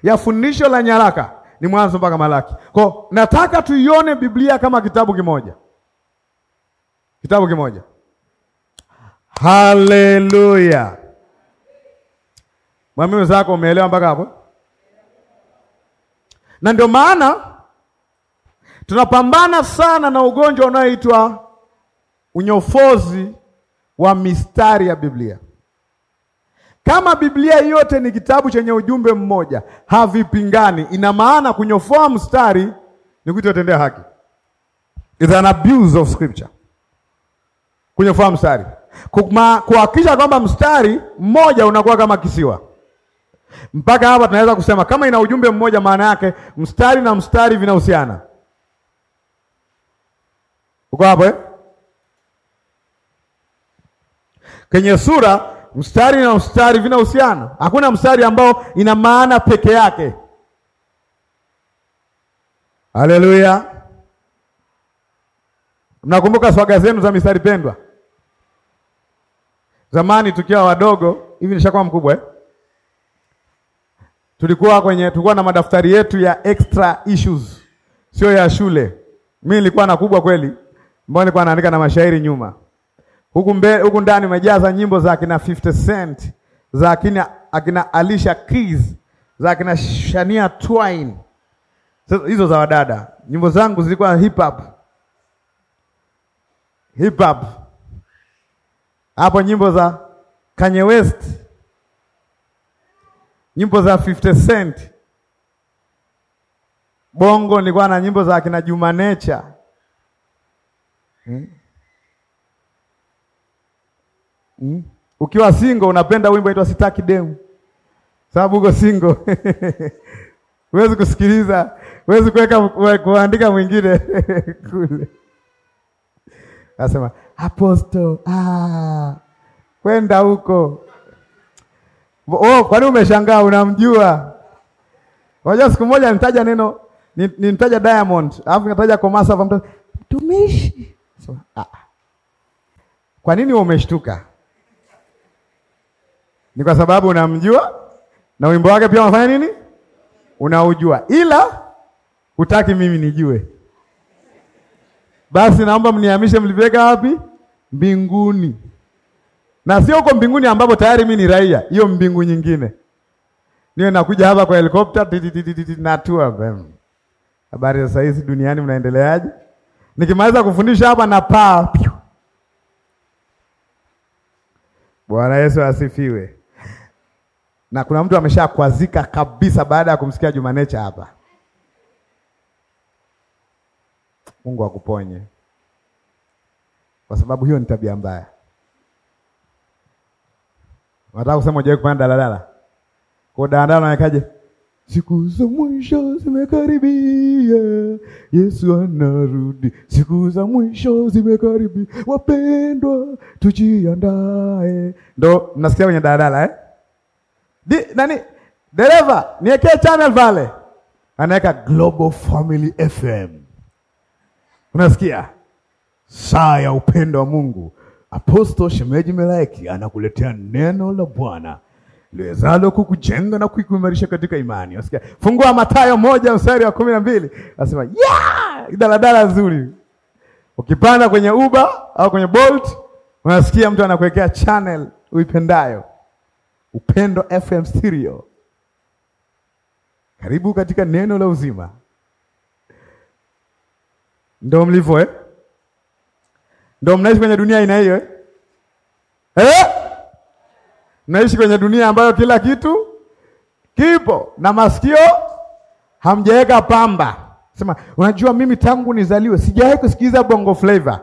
ya fundisho la nyaraka ni Mwanzo mpaka Malaki. Kwa nataka tuione Biblia kama kitabu kimoja, kitabu kimoja. Haleluya! Mwambie mwenzako umeelewa mpaka hapo? Na ndio maana tunapambana sana na ugonjwa unaoitwa unyofozi wa mistari ya Biblia. Kama Biblia yote ni kitabu chenye ujumbe mmoja, havipingani, ina maana kunyofoa mstari ni kutotendea haki. Is an abuse of scripture. Kunyofoa mstari kuhakikisha kwamba mstari mmoja unakuwa kama kisiwa. Mpaka hapa tunaweza kusema kama ina ujumbe mmoja, maana yake mstari na mstari vinahusiana. Uko hapo eh? Kwenye sura mstari na mstari vinahusiana. Hakuna mstari ambao ina maana peke yake. Haleluya! Mnakumbuka swaga zenu za mistari pendwa? Zamani tukiwa wadogo hivi, nishakuwa mkubwa eh? Tulikuwa kwenye tulikuwa na madaftari yetu ya extra issues, sio ya shule. Mimi nilikuwa na kubwa kweli, mbona nilikuwa naandika na mashairi nyuma huku mbele, huku ndani umejaza nyimbo za akina 50 Cent, za akina akina Alicia Keys, za akina Shania Twain. Sasa hizo za wadada, nyimbo zangu zilikuwa hip hop. Hip hop. Hapo nyimbo za Kanye West, nyimbo za 50 Cent. Bongo nilikuwa na nyimbo za akina Juma Nature. Hmm? Mm? Ukiwa single unapenda wimbo aitwa sitaki demu. Sababu uko single. <laughs> Huwezi kusikiliza, huwezi kuweka kuandika mwingine <laughs> kule. Nasema aposto ah, kwenda huko. Oh, kwani umeshangaa unamjua? Unajua siku moja nitaja neno nitaja Diamond, alafu nitaja Komasa mtumishi. So, ah, ah. Kwa nini umeshtuka? ni kwa sababu unamjua na wimbo wake pia unafanya nini, unaujua, ila hutaki mimi nijue. Basi naomba mnihamishe, mliweka wapi? Mbinguni, na sio huko mbinguni ambapo tayari mimi ni raia, hiyo mbingu nyingine. Niwe nakuja hapa kwa helikopta natua. Habari za saizi duniani, mnaendeleaje? Nikimaliza kufundisha hapa na paa. Bwana Yesu asifiwe na kuna mtu ameshakwazika kabisa baada ya kumsikia Jumanecha hapa. Mungu akuponye, kwa sababu hiyo ni tabia mbaya. Nataka kusema ujawahi kupanda daladala kwa daladala, naekaje? Siku za mwisho zimekaribia, Yesu anarudi, siku za mwisho zimekaribia, wapendwa tujiandae. Ndo mnasikia kwenye daladala eh? Di, nani dereva niwekee channel vale, anaweka Global Family FM. Unasikia saa ya upendo wa Mungu, Apostle Shemeji Melaiki anakuletea neno la Bwana liwezalo kukujenga na kukuimarisha katika imani. Unasikia, fungua Mathayo moja mstari wa kumi na mbili anasema yeah! daladala nzuri ukipanda kwenye Uber au kwenye Bolt unasikia mtu anakuwekea channel uipendayo. Upendo FM Stereo. Karibu katika neno la uzima. Ndio mlivyo eh? Ndio mnaishi kwenye dunia aina hiyo eh? Eh? Mnaishi kwenye dunia ambayo kila kitu kipo na masikio hamjaweka pamba. Sema, unajua mimi tangu nizaliwe sijawahi kusikiliza bongo flavor.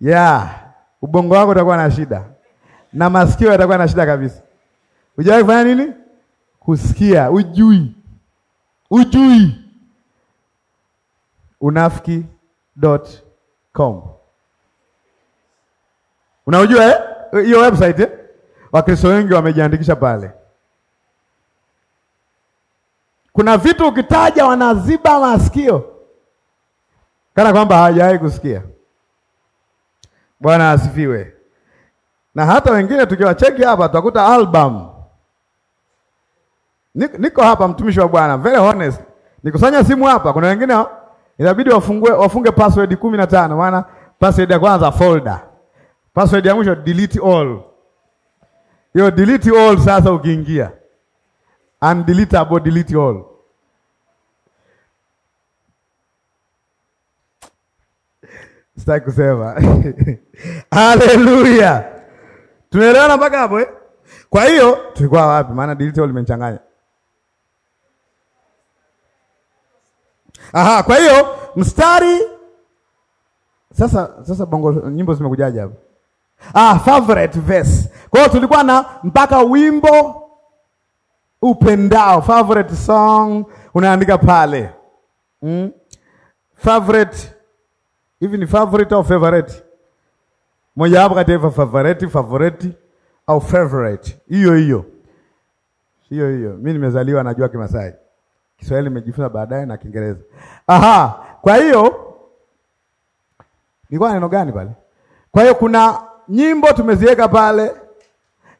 Yeah, ubongo wako utakuwa na shida na masikio yatakuwa na shida kabisa. Hujawahi kufanya nini? Kusikia ujui, ujui. Unafiki.com unaujua eh? hiyo eh? website eh? Wakristo wengi wamejiandikisha pale. Kuna vitu ukitaja wanaziba masikio kana kwamba hawajawahi kusikia. Bwana asifiwe na hata wengine tukiwacheki hapa tutakuta album. Niko hapa mtumishi wa Bwana, very honest, nikusanya simu hapa. Kuna wengine inabidi wafungue, wafunge password kumi na tano maana password ya kwanza folder, password ya mwisho delete all. Hiyo delete all sasa ukiingia undeletable, delete all sitaki kusema <laughs> Hallelujah. Tunaelewana mpaka hapo eh? Kwa hiyo tulikuwa wapi? Maana delete all imechanganya. Aha, kwa hiyo mstari sasa sasa bongo nyimbo zimekujaje hapo? Ah, favorite verse. Kwa hiyo tulikuwa na mpaka wimbo upendao, favorite song unaandika pale. Mm? Favorite hivi ni favorite au favorite? Moja wapo kati ya favorite, favorite au favorite. Hiyo hiyo. Hiyo hiyo. Mimi nimezaliwa najua Kimasai. Kiswahili nimejifunza baadaye na Kiingereza. Aha, kwa hiyo nilikuwa neno gani pale? Kwa hiyo kuna nyimbo tumeziweka pale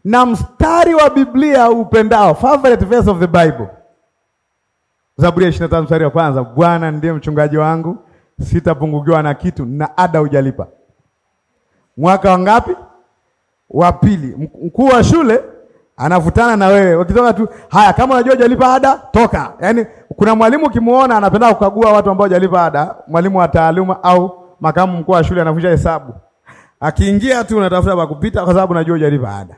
na mstari wa Biblia upendao, favorite verse of the Bible. Zaburi ya 25 mstari wa kwanza, Bwana ndiye mchungaji wangu, sitapungukiwa na kitu na ada hujalipa mwaka wa ngapi? Wa pili. Mkuu wa shule anavutana na wewe, ukitoka tu haya, kama unajua hujalipa ada toka. Yaani kuna mwalimu ukimuona anapenda kukagua watu ambao hujalipa ada, mwalimu wa taaluma au makamu mkuu wa shule anavunja hesabu, akiingia tu unatafuta pa kupita, kwa sababu unajua hujalipa ada.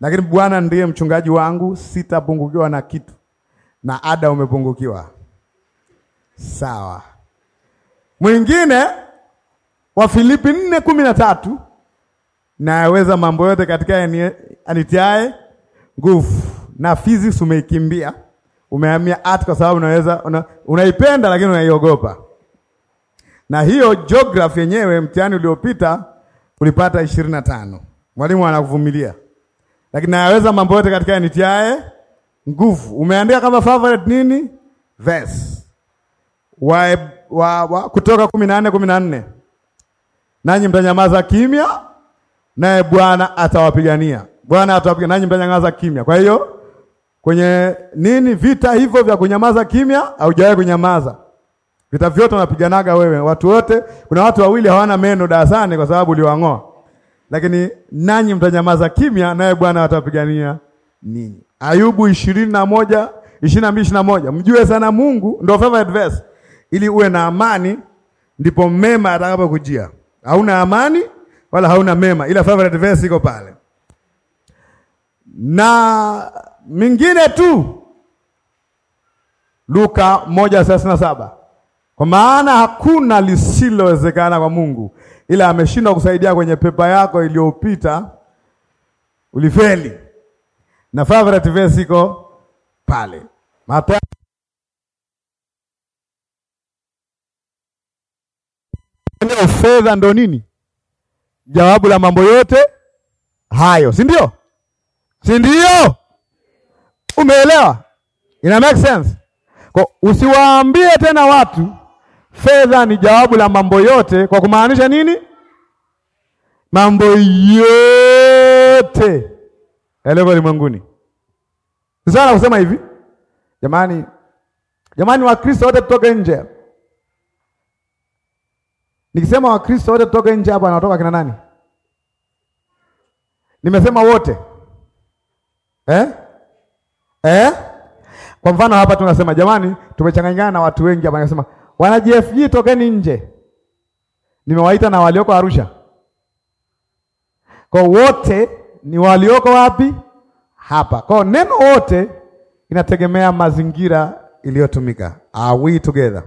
Lakini Bwana ndiye mchungaji wangu, sitapungukiwa na kitu, na ada umepungukiwa. Sawa, mwingine wa Filipi 4:13 nayaweza mambo yote katika anitiae nguvu, na physics umeikimbia, umehamia art kwa sababu unaweza una, unaipenda lakini unaiogopa. Na hiyo geography yenyewe mtihani uliopita ulipata 25. Mwalimu anakuvumilia. Lakini nayaweza mambo yote katika anitiae nguvu. Umeandika kama favorite nini? Verse. Wa, wa, wa, Kutoka 14 14 nanyi mtanyamaza kimya, naye Bwana atawapigania. Bwana atawapiga, nanyi mtanyamaza kimya. Kwa hiyo kwenye nini vita hivyo vya kunyamaza kimya, haujawahi kunyamaza vita vyote unapiganaga wewe, watu wote. Kuna watu wawili hawana meno darasani kwa sababu uliwang'oa, lakini nanyi mtanyamaza kimya, naye Bwana atawapigania ninyi. Ayubu ishirini na moja ishirini na mbili ishirini na moja mjue sana Mungu, ndio favorite verse, ili uwe na amani, ndipo mema atakapokujia hauna amani wala hauna mema, ila favorite verse iko pale na mingine tu. Luka moja thelathini saba kwa maana hakuna lisilowezekana kwa Mungu, ila ameshindwa kusaidia kwenye pepa yako iliyopita ulifeli, na favorite verse iko pale Mathayo hiyo fedha ndo nini? Jawabu la mambo yote hayo, si ndio? Si ndio? Umeelewa? Ina make sense. Kwa usiwaambie tena watu fedha ni jawabu la mambo yote, kwa kumaanisha nini? Mambo yote yalivyo ulimwenguni. Sasa kusema hivi, jamani, jamani, Wakristo wote tutoke nje Nikisema Wakristo wote tutoke nje hapa, anatoka kina nani? Nimesema wote eh? Eh? Kwa mfano hapa tunasema jamani, tumechanganyikana na watu wengi hapa. Nasema wana JFG tokeni nje, nimewaita na walioko Arusha. Kwa wote ni walioko wapi? Hapa. Kwa neno wote inategemea mazingira iliyotumika. Are we together?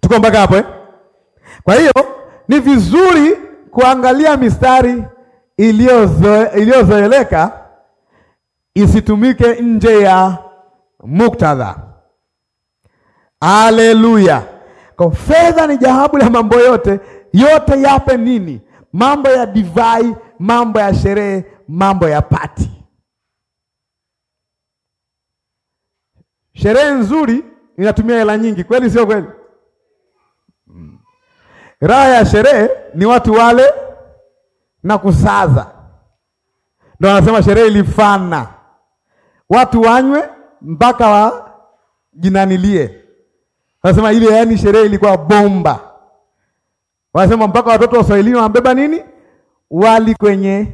Tuko mpaka hapo eh? Kwa hiyo ni vizuri kuangalia mistari iliyozoeleka isitumike nje ya muktadha. aleluya Kwa fedha ni jawabu la mambo yote, yote yape nini? Mambo ya divai, mambo ya sherehe, mambo ya pati. Sherehe nzuri inatumia hela nyingi, kweli sio kweli? Raha ya sherehe ni watu wale na kusaza, ndo anasema sherehe ilifana, watu wanywe mpaka wajinanilie. Anasema ile, yaani sherehe ilikuwa bomba. Wanasema mpaka watoto waswahilini wanabeba nini, wali kwenye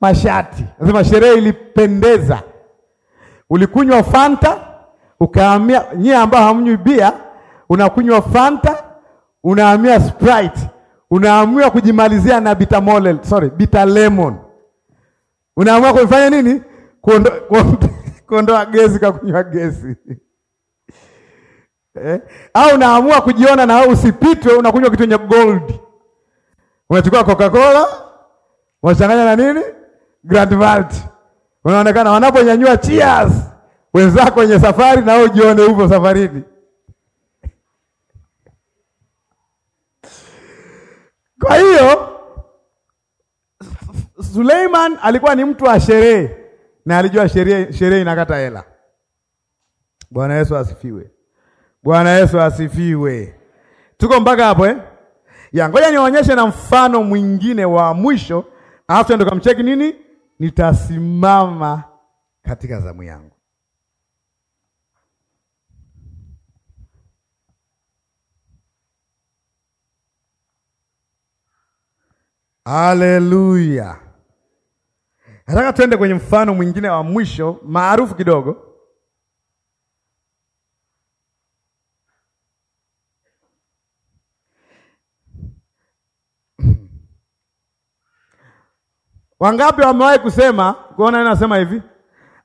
mashati. Anasema sherehe ilipendeza, ulikunywa Fanta ukaamia. Nyie ambao hamnywi bia, unakunywa Fanta unaamia Sprite, unaamua kujimalizia na bita sorry, bita lemon. Unaamua kufanya nini? Kuondoa <laughs> kuondo gesi kwa kunywa gesi <laughs> eh? Au unaamua kujiona na usipitwe, unakunywa kitu chenye gold, unachukua Coca-Cola unachanganya na nini, Grand Malt, unaonekana wanaponyanyua cheers wenzako wenye safari, na wewe ujione huko safarini. Kwa hiyo Suleiman alikuwa ni mtu wa sherehe na alijua sherehe, sherehe inakata hela. Bwana Yesu asifiwe. Bwana Yesu asifiwe. Tuko mpaka hapo eh? Ya, ngoja niwaonyeshe na mfano mwingine wa mwisho, alafu ndo kamcheki nini, nitasimama katika zamu yangu. Haleluya. Nataka tuende kwenye mfano mwingine wa mwisho maarufu kidogo. Wangapi wamewahi kusema kuona, nasema hivi,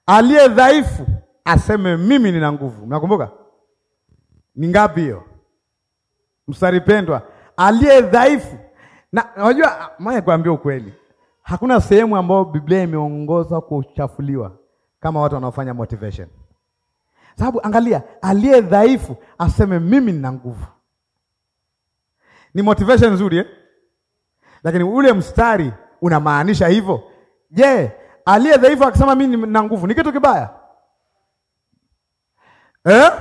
aliye dhaifu aseme mimi nina nguvu. Mnakumbuka ni ngapi hiyo? Mstari pendwa, aliye dhaifu na unajua maya kuambia ukweli, hakuna sehemu ambayo Biblia imeongoza kuchafuliwa kama watu wanaofanya motivation. Sababu angalia, aliye dhaifu aseme mimi nina nguvu, ni motivation nzuri eh? Lakini ule mstari unamaanisha hivyo. Je, aliye dhaifu akisema mimi nina nguvu ni kitu kibaya eh?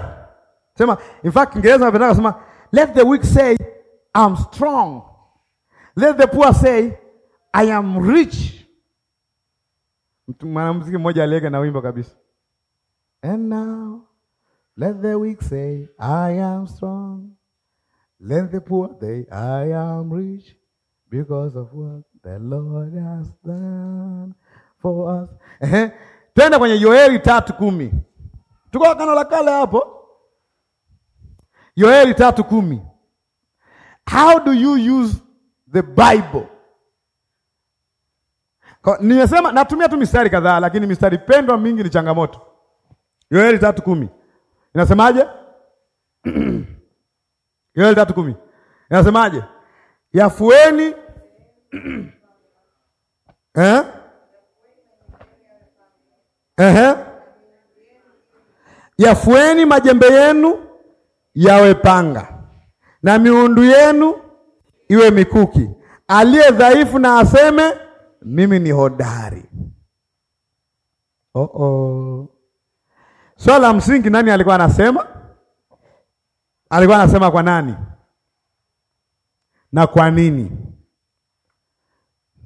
Sema in fact Kiingereza napendaka kusema let the weak say I'm strong Let the poor say I am rich. Mwanamuziki mmoja aliweka na wimbo kabisa. And now let the weak say I am strong. Let the poor say I am rich because of what the Lord has done for us. Ehe. Twende kwenye Yoeli tatu kumi. Tuko Agano la Kale hapo. Yoeli tatu kumi. How do you use the Bible. Kwa, nimesema natumia tu mistari kadhaa, lakini mistari pendwa mingi ni changamoto. Yoeli tatu kumi inasemaje? <clears throat> Yoeli tatu kumi inasemaje? Yafueni <clears throat> eh? Eh? Yafueni majembe yenu yawe panga na miundu yenu iwe mikuki, aliye dhaifu na aseme mimi ni hodari. Oh -oh. Swala so, la msingi nani alikuwa anasema? Alikuwa anasema kwa nani na kwa nini?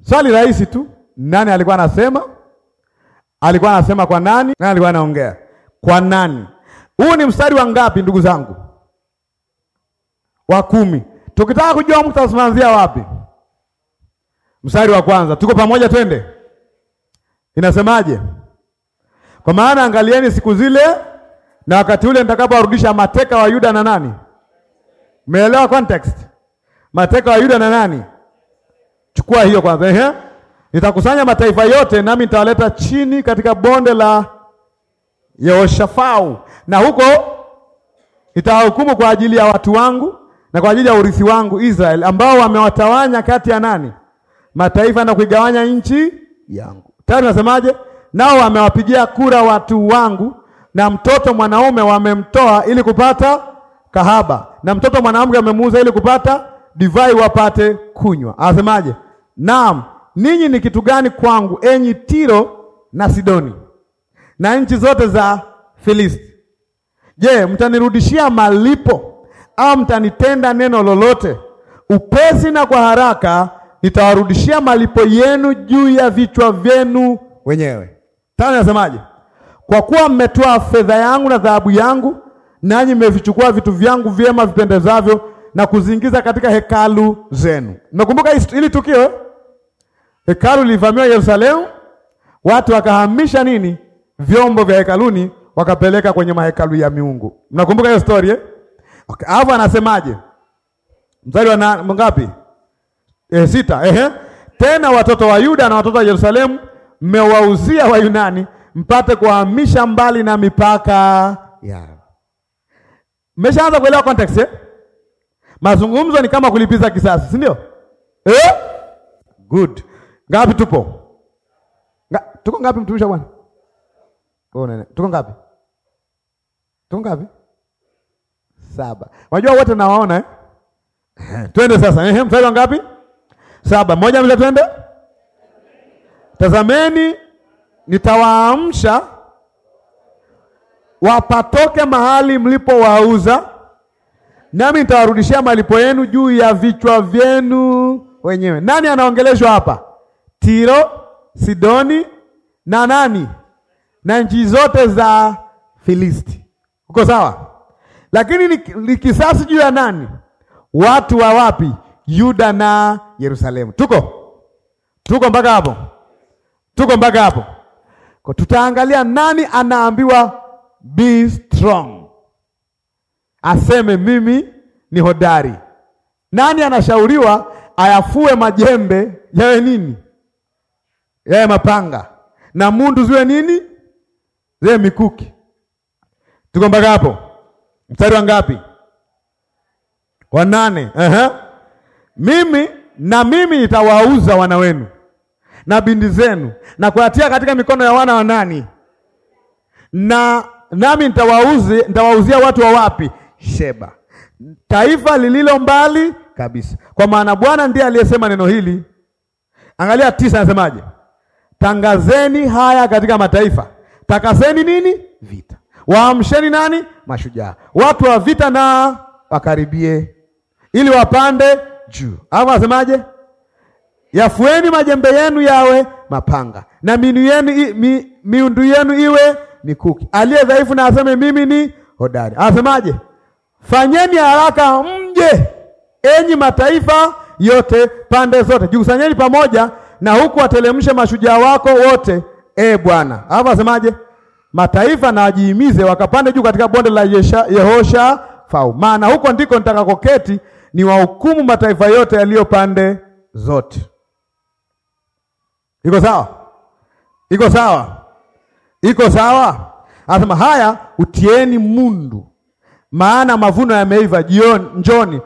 Swali rahisi tu. Nani alikuwa anasema? Alikuwa anasema kwa nani? Nani alikuwa anaongea kwa nani? Huu ni mstari wa ngapi, ndugu zangu? Wa kumi. Tukitaka kujua mtu asimanzia wapi? Mstari wa kwanza, tuko pamoja, twende. Inasemaje? Kwa maana angalieni siku zile na wakati ule nitakapowarudisha mateka wa Yuda na nani. Umeelewa context? Mateka wa Yuda na nani? Chukua hiyo kwanza, ehe. Nitakusanya mataifa yote nami nitawaleta chini katika bonde la Yehoshafau, na huko nitawahukumu kwa ajili ya watu wangu na kwa ajili ya urithi wangu Israel, ambao wamewatawanya kati ya nani? Mataifa na kuigawanya nchi yangu. Tayari nasemaje? Nao wamewapigia kura watu wangu, na mtoto mwanaume wamemtoa ili kupata kahaba, na mtoto mwanamke wamemuuza ili kupata divai wapate kunywa. Anasemaje? Naam, ninyi ni kitu gani kwangu, enyi Tiro na Sidoni na nchi zote za Filisti? Je, mtanirudishia malipo au mtanitenda neno lolote, upesi na kwa haraka nitawarudishia malipo yenu juu ya vichwa vyenu wenyewe. Tano nasemaje? Kwa kuwa mmetoa fedha yangu na dhahabu yangu, nanyi mmevichukua vitu vyangu vyema vipendezavyo na kuzingiza katika hekalu zenu. Mnakumbuka hili tukio? Hekalu lilivamiwa Yerusalemu, watu wakahamisha nini? Vyombo vya hekaluni wakapeleka kwenye mahekalu ya miungu. Mnakumbuka hiyo story eh? Okay, hapo anasemaje? Mstari wa ngapi? Eh, sita. Ehe. Tena watoto wa Yuda na watoto wa Yerusalemu mmewauzia Wayunani mpate kuhamisha mbali na mipaka yao. Mmeshaanza kuelewa context eh? Mazungumzo ni kama kulipiza kisasi, si ndio? Eh? Good. Ngapi tupo? Nga, tuko ngapi mtumishi wa Bwana? Tuko ngapi? Tuko ngapi? saba. Unajua wote nawaona eh? <laughs> Twende sasa. Ehe, mstari wangapi? Saba. Moja mbili twende. Tazameni nitawaamsha wapatoke mahali mlipowauza, nami nitawarudishia malipo yenu juu ya vichwa vyenu wenyewe. Nani anaongeleshwa hapa? Tiro, Sidoni na nani na nchi zote za Filisti. Uko sawa? lakini ni kisasi juu ya nani? Watu wa wapi? Yuda na Yerusalemu. Tuko tuko mpaka hapo, tuko mpaka hapo. Kwa tutaangalia nani anaambiwa be strong, aseme mimi ni hodari. Nani anashauriwa ayafue majembe yawe nini, yawe mapanga na mundu ziwe nini, ziwe mikuki. Tuko mpaka hapo. Mstari wa ngapi? Wa nane. Aha. Mimi na mimi nitawauza wana wenu na binti zenu na kuatia katika mikono ya wana wa nani? Na nami nitawauzi nitawauzia watu wa wapi? Sheba, taifa lililo mbali kabisa. Kwa maana Bwana ndiye aliyesema neno hili. Angalia tisa, anasemaje? Tangazeni haya katika mataifa, takaseni nini? Vita waamsheni nani? Mashujaa, watu wa vita na wakaribie, ili wapande juu. Hapo anasemaje? Yafueni majembe yenu yawe mapanga na minu yenu, mi, miundu yenu iwe mikuki. Aliye dhaifu na aseme mimi ni hodari. Anasemaje? Fanyeni haraka mje, enyi mataifa yote, pande zote, jikusanyeni pamoja na huku watelemshe mashujaa wako wote, e Bwana. Alafu asemaje? mataifa na wajiimize wakapande juu katika bonde la Yehosha fau, maana huko ndiko nitakakoketi ni wahukumu mataifa yote yaliyo pande zote. Iko sawa? Iko sawa? Iko sawa? Anasema haya, utieni mundu, maana mavuno yameiva. Jioni njoni,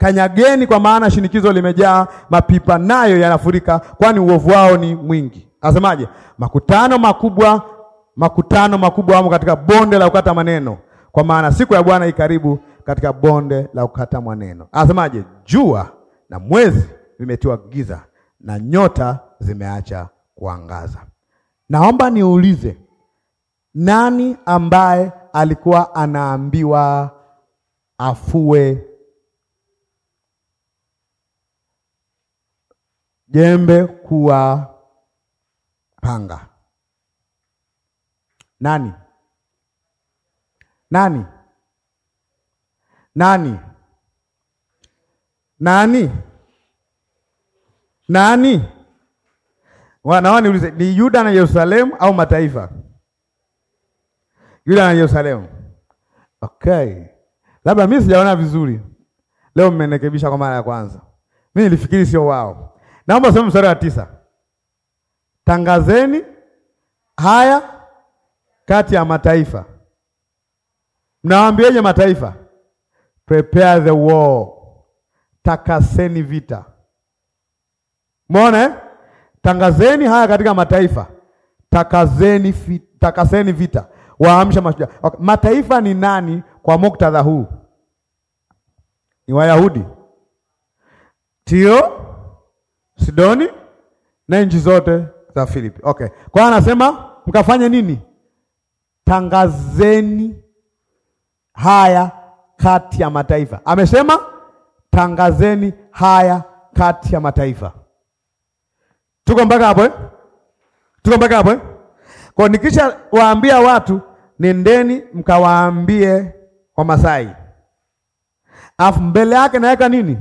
kanyageni, kwa maana shinikizo limejaa, mapipa nayo yanafurika, kwani uovu wao ni mwingi. Asemaje? makutano makubwa makutano makubwa amo katika bonde la ukata maneno, kwa maana siku ya Bwana ikaribu katika bonde la ukata maneno. Anasemaje? Jua na mwezi vimetiwa giza na nyota zimeacha kuangaza. Naomba niulize, nani ambaye alikuwa anaambiwa afue jembe kuwa panga? Nani? Nani? Nani? Nani? Nani? Wanaona niulize ni Yuda na Yerusalemu au mataifa? Yuda na Yerusalemu. Okay. Labda mimi sijaona vizuri. Leo mmerekebisha kwa mara ya kwanza. Mimi nilifikiri sio wao. Naomba soma mstari wa tisa. Tangazeni haya kati ya mataifa. Mnawaambiaje mataifa? Prepare the war, takaseni vita. Mwone, eh? tangazeni haya katika mataifa, takazeni fi, takaseni vita, waamsha mashujaa. Okay. Mataifa ni nani kwa muktadha huu? Ni Wayahudi, Tiro, Sidoni na nchi zote za Filipi. Okay. Kwa anasema mkafanye nini? tangazeni haya kati ya mataifa. Amesema tangazeni haya kati ya mataifa. Tuko mpaka hapo eh? Tuko mpaka hapo eh? Kwa nikisha waambia watu nendeni mkawaambie Wamasai, afu mbele yake naweka nini?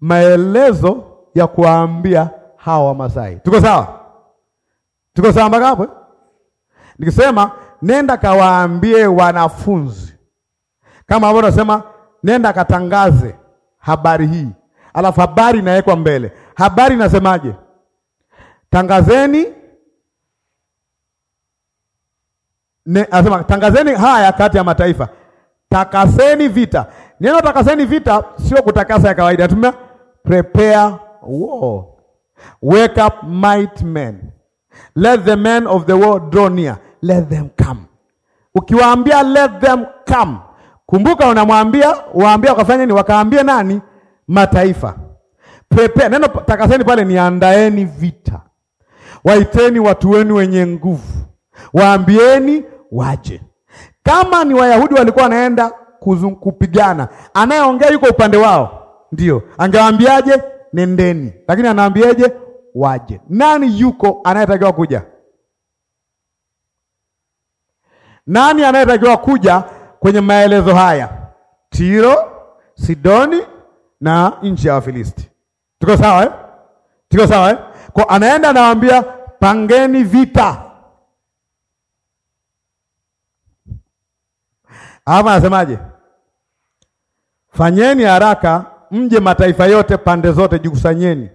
Maelezo ya kuwaambia hawa Wamasai. Tuko sawa? Tuko sawa mpaka hapo eh? Nikisema nenda kawaambie wanafunzi, kama ambavyo nasema nenda katangaze habari hii, alafu habari inawekwa mbele. Habari inasemaje? Tangazeni ne, asema tangazeni haya kati ya mataifa, takaseni vita. Neno takaseni vita sio kutakasa ya kawaida, tumia prepare war, wake up might men, let the men of the war draw near let them come. Ukiwaambia let them come, kumbuka unamwambia waambia wakafanya ni wakaambie nani? Mataifa. Prepare, neno takaseni pale ni andaeni vita, waiteni watu wenu wenye nguvu, waambieni waje. Kama ni Wayahudi walikuwa wanaenda kupigana, anayeongea yuko upande wao, ndio angewaambiaje? Nendeni, lakini anaambiaje? Waje. Nani yuko anayetakiwa kuja? Nani anayetakiwa kuja kwenye maelezo haya? Tiro, Sidoni na nchi ya Wafilisti. Tuko sawa eh? Tuko sawa eh? Kwa anaenda anawaambia pangeni vita. Ama anasemaje? Fanyeni haraka mje, mataifa yote pande zote jikusanyeni.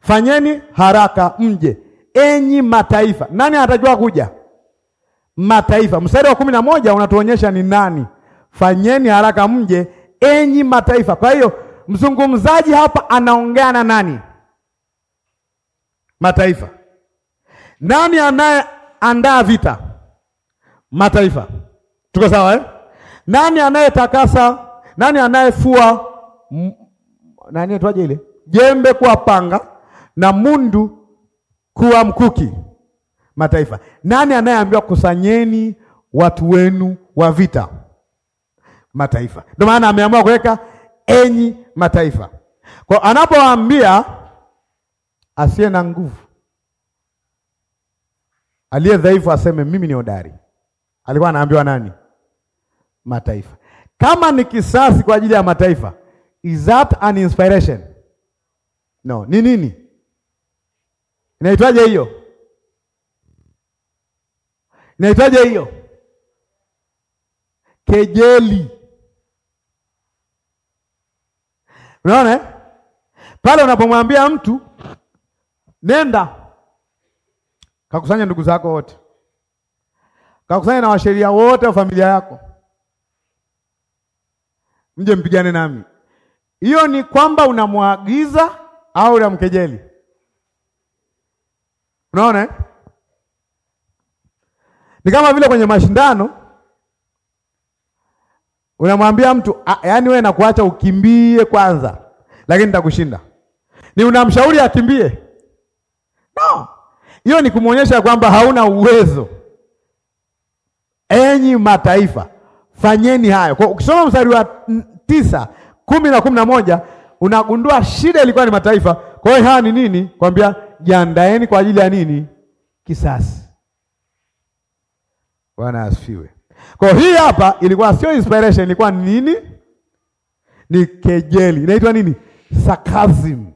Fanyeni haraka mje, enyi mataifa. Nani anatakiwa kuja? mataifa. Mstari wa kumi na moja unatuonyesha ni nani. Fanyeni haraka mje, enyi mataifa. Kwa hiyo mzungumzaji hapa anaongea na nani? Mataifa. Nani anayeandaa vita? Mataifa. Tuko sawa eh? Nani anayetakasa? Nani anayefua nani, tuaje ile jembe kuwa panga na mundu kuwa mkuki? mataifa. Nani anayeambiwa kusanyeni watu wenu wa vita? Mataifa. Ndio maana ameamua kuweka enyi mataifa, kwa anapowaambia asiye na nguvu, aliye dhaifu aseme mimi ni hodari. Alikuwa anaambiwa nani? Mataifa. Kama ni kisasi kwa ajili ya mataifa, is that an inspiration? No, ni nini? Inaitwaje hiyo? Inaitwaje hiyo? Kejeli. Unaona eh? pale unapomwambia mtu nenda kakusanya ndugu zako wote, kakusanya na washeria wote wa familia yako, mje mpigane nami, hiyo ni kwamba unamwagiza au unamkejeli? Unaona eh? Ni kama vile kwenye mashindano unamwambia mtu yaani, wewe nakuacha ukimbie kwanza, lakini nitakushinda. Ni unamshauri akimbie? No, hiyo ni kumwonyesha kwamba hauna uwezo. Enyi mataifa, fanyeni hayo. Kwa ukisoma mstari wa tisa kumi na kumi na moja unagundua shida ilikuwa ni mataifa. Kwa hiyo haya ni nini? Kwambia jiandaeni kwa ajili ya nini? Kisasi. Bwana asifiwe. Kwa hii hapa ilikuwa sio inspiration, ilikuwa nini? Ni kejeli. Inaitwa nini? Sarcasm.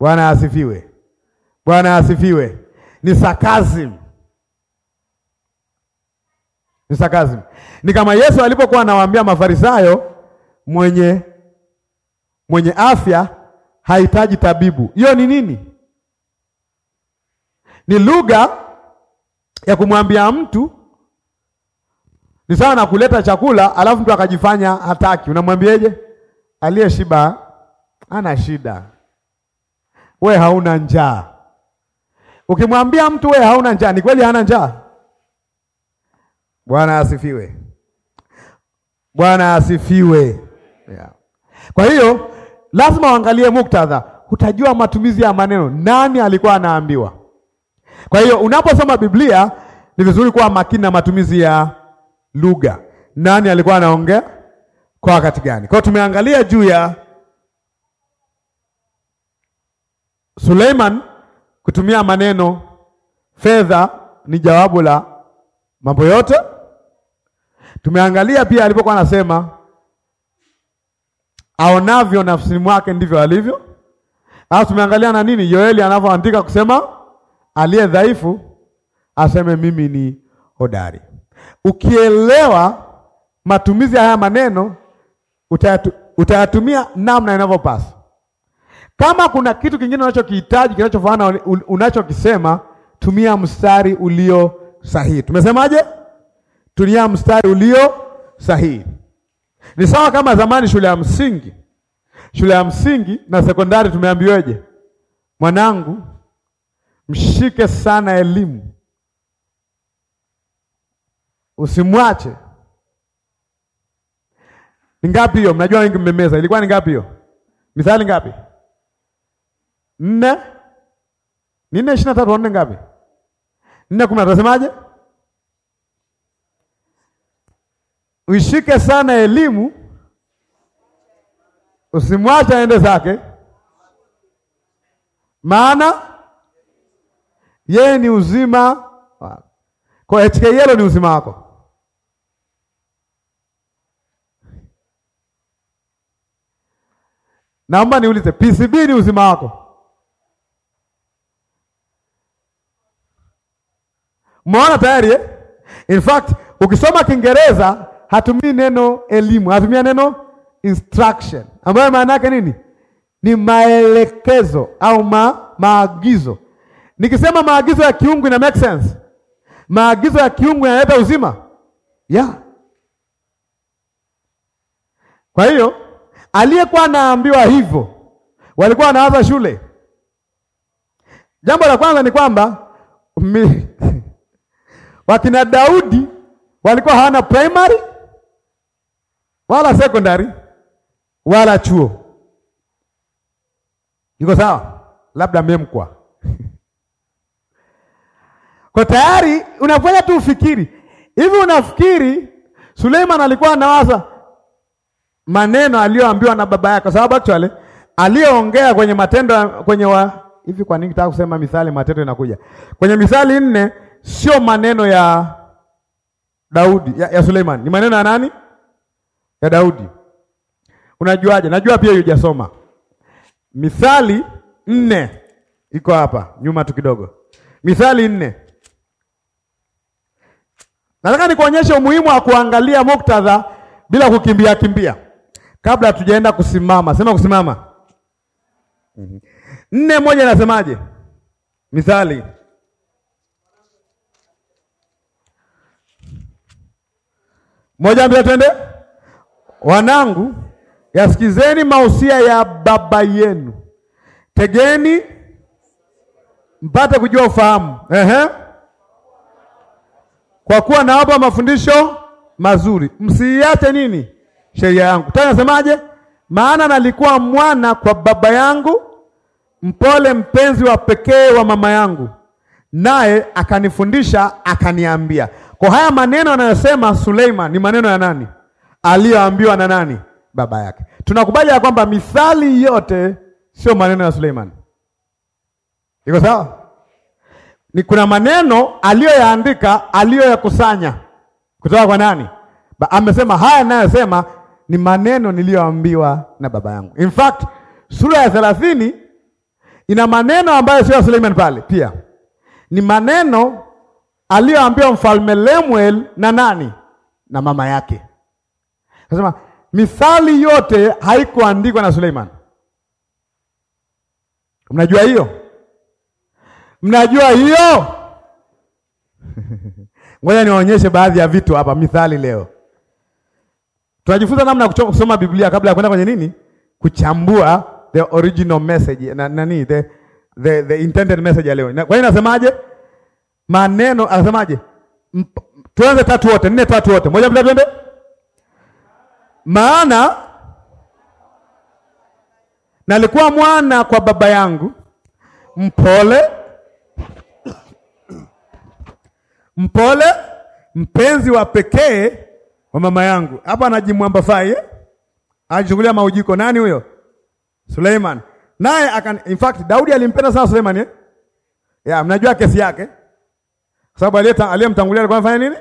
Bwana asifiwe. Bwana asifiwe. Ni sarcasm. Ni sarcasm. Ni kama Yesu alipokuwa anawaambia Mafarisayo mwenye mwenye afya hahitaji tabibu. Hiyo ni nini? Ni lugha ya kumwambia mtu ni sawa na kuleta chakula alafu mtu akajifanya hataki. Unamwambiaje? Aliyeshiba ana shida, we hauna njaa. Ukimwambia mtu we hauna njaa, ni kweli hana njaa? Bwana asifiwe! Bwana asifiwe! Yeah. Kwa hiyo lazima uangalie muktadha, utajua matumizi ya maneno. Nani alikuwa anaambiwa? Kwa hiyo unaposoma Biblia ni vizuri kuwa makini na matumizi ya lugha. Nani alikuwa anaongea kwa wakati gani? Kwa hiyo tumeangalia juu ya Suleiman kutumia maneno fedha ni jawabu la mambo yote. Tumeangalia pia alipokuwa anasema aonavyo nafsini mwake ndivyo alivyo. Alafu tumeangalia na nini Yoeli anavyoandika kusema aliye dhaifu aseme mimi ni hodari. Ukielewa matumizi ya haya maneno utayatu, utayatumia namna inavyopasa. Kama kuna kitu kingine unachokihitaji kinachofanana unachokisema, tumia mstari ulio sahihi. Tumesemaje? Tumia mstari ulio sahihi. Ni sawa kama zamani shule ya msingi, shule ya msingi na sekondari tumeambiweje? Mwanangu, Mshike sana elimu, usimwache. Ni ngapi hiyo? Mnajua wengi mmemeza. Ilikuwa ni ngapi hiyo? Mithali ngapi? Nne ni nne ishirini na tatu nne ngapi? Nne kumi atasemaje? Uishike sana elimu, usimwache aende zake, maana yeye ni uzima wako. Kwa hiyo yellow ni uzima wako. Naomba niulize, PCB ni uzima wako? Mwaona tayari eh? In fact, ukisoma Kiingereza hatumii neno elimu, hatumia neno instruction, ambayo maana yake nini? Ni maelekezo au ma, maagizo. Nikisema maagizo ya kiungu ina make sense? Maagizo ya kiungu yanaleta uzima yeah. Kwa hiyo aliyekuwa anaambiwa hivyo walikuwa wanawaza shule. Jambo la kwanza ni kwamba <laughs> wakina Daudi walikuwa hawana primary wala secondary wala chuo. Iko sawa? Labda Memkwa kwa tayari unafanya tu ufikiri. Hivi unafikiri Suleiman alikuwa anawaza maneno aliyoambiwa na baba yake, kwa sababu actually aliyeongea kwenye matendo kwenye wa hivi. Kwa nini nataka kusema Mithali? Matendo inakuja kwenye Mithali nne, sio maneno ya Daudi ya, ya Suleiman, ni maneno ya nani? Ya Daudi. Unajuaje? Najua pia hujasoma Mithali nne, iko hapa nyuma tu kidogo. Mithali nne Nataka nikuonyeshe umuhimu wa kuangalia muktadha bila kukimbia kimbia, kabla tujaenda kusimama. Sema kusimama. Mhm. Nne moja inasemaje? Mithali moja mbili, twende. Wanangu, yasikizeni mausia ya baba yenu, tegeni mpate kujua ufahamu. Ehe kwa kuwa nawapa mafundisho mazuri, msiiache nini? Sheria yangu. Tena nasemaje? Maana nalikuwa mwana kwa baba yangu, mpole, mpenzi wa pekee wa mama yangu, naye akanifundisha, akaniambia. Kwa haya maneno anayosema Suleiman ni maneno ya nani? Aliyoambiwa na nani? Baba yake. Tunakubali ya kwamba mithali yote sio maneno ya Suleiman. Iko sawa? ni kuna maneno aliyoyaandika aliyoyakusanya kutoka kwa nani? Ba, amesema haya nayosema ni maneno niliyoambiwa na baba yangu. In fact, sura ya thelathini ina maneno ambayo sio Suleiman pale, pia ni maneno aliyoambiwa mfalme Lemuel na nani na mama yake. Anasema mithali yote haikuandikwa na Suleiman. Mnajua hiyo? Mnajua hiyo? <laughs> Ngoja niwaonyeshe baadhi ya vitu hapa mithali leo. Tunajifunza namna kusoma Biblia kabla ya kwenda kwenye nini? Kuchambua the original message na nani the the, the intended message ya leo. Na, kwa hiyo nasemaje? Maneno anasemaje? Tuanze tatu wote, nne tatu wote. Moja bila twende. Maana nalikuwa mwana kwa baba yangu mpole mpole, mpenzi wa pekee wa mama yangu. Hapa anajimwamba eh? Anachukulia maujiko. Nani huyo? Suleiman. Naye akan in fact Daudi alimpenda sana Suleiman eh? Yeah, mnajua kesi yake. sababu alieta aliyemtangulia alikuwa anafanya nini?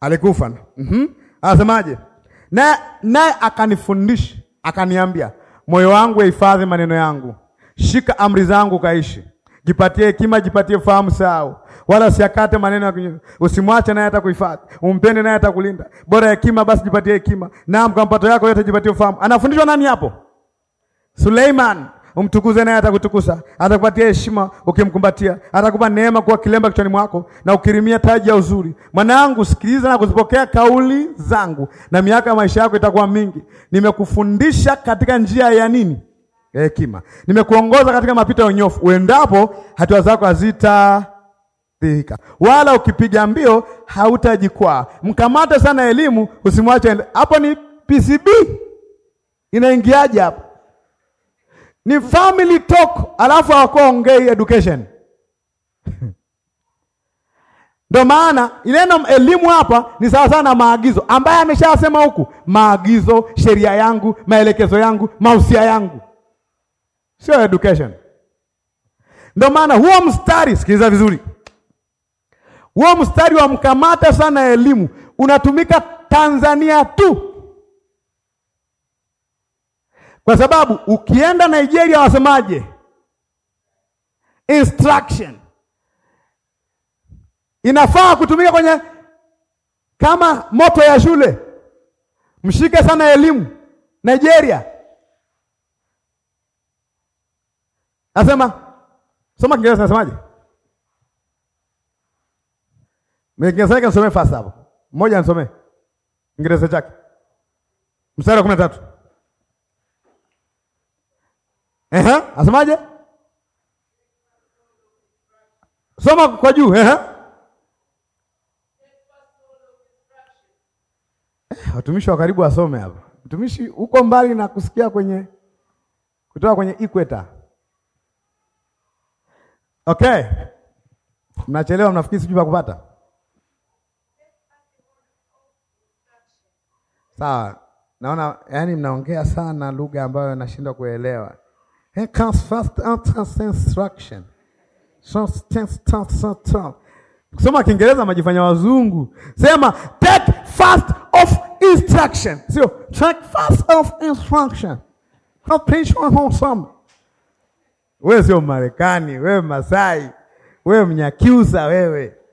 Alikufa. Mhm. Mm Anasemaje? Na naye akanifundisha, akaniambia, moyo wangu yahifadhi maneno yangu. Shika amri zangu kaishi. Jipatie hekima, jipatie fahamu sawa wala usiakate maneno ya usimwache naye hata kuhifadhi, umpende naye hata kulinda. Bora hekima basi jipatie hekima, naam kwa mapato yako yote jipatie ufahamu. Anafundishwa nani hapo? Suleiman. Umtukuze naye atakutukuza, atakupatia heshima ukimkumbatia, atakupa neema kuwa kilemba kichwani mwako na ukirimia taji ya uzuri. Mwanangu, sikiliza na kuzipokea kauli zangu, na miaka ya maisha yako itakuwa mingi. Nimekufundisha katika njia ya nini? Hekima. Nimekuongoza katika mapito ya unyofu, uendapo hatua zako hazita dhihika, wala ukipiga mbio hautajikwaa. Mkamate sana elimu, usimwache. Hapo ni PCB inaingiaje hapo? Ni family talk, alafu hawakuongei education <laughs> Ndo maana ile neno elimu hapa ni sawa sana na maagizo ambaye ameshasema huku, maagizo, sheria yangu, maelekezo yangu, mausia yangu, sio education. Ndo maana huo mstari, sikiliza vizuri, huo mstari wa mkamata sana elimu unatumika Tanzania tu, kwa sababu ukienda Nigeria wasemaje? Instruction inafaa kutumika kwenye kama moto ya shule. Mshike sana elimu Nigeria, nasema soma Kiingereza, nasemaje? Kiingereza chake nisomee fast hapo. Mmoja nisomee. Kiingereza chake. Mstari wa kumi na tatu. Ehe, asemaje? Soma kwa juu, ehe. Eh, watumishi wa karibu wasome hapa. Mtumishi uko mbali na kusikia kwenye kutoka kwenye equator. Okay. Mnachelewa mnafikiri sijui pa kupata. Sawa, naona yani mnaongea sana lugha ambayo nashindwa kuelewa. Here comes first utterance instruction. Kusoma Kiingereza majifanya wazungu. Sema take first of instruction. Sio take first of instruction. How preach one home some. Wewe sio Marekani, wewe Masai, wewe Mnyakyusa wewe.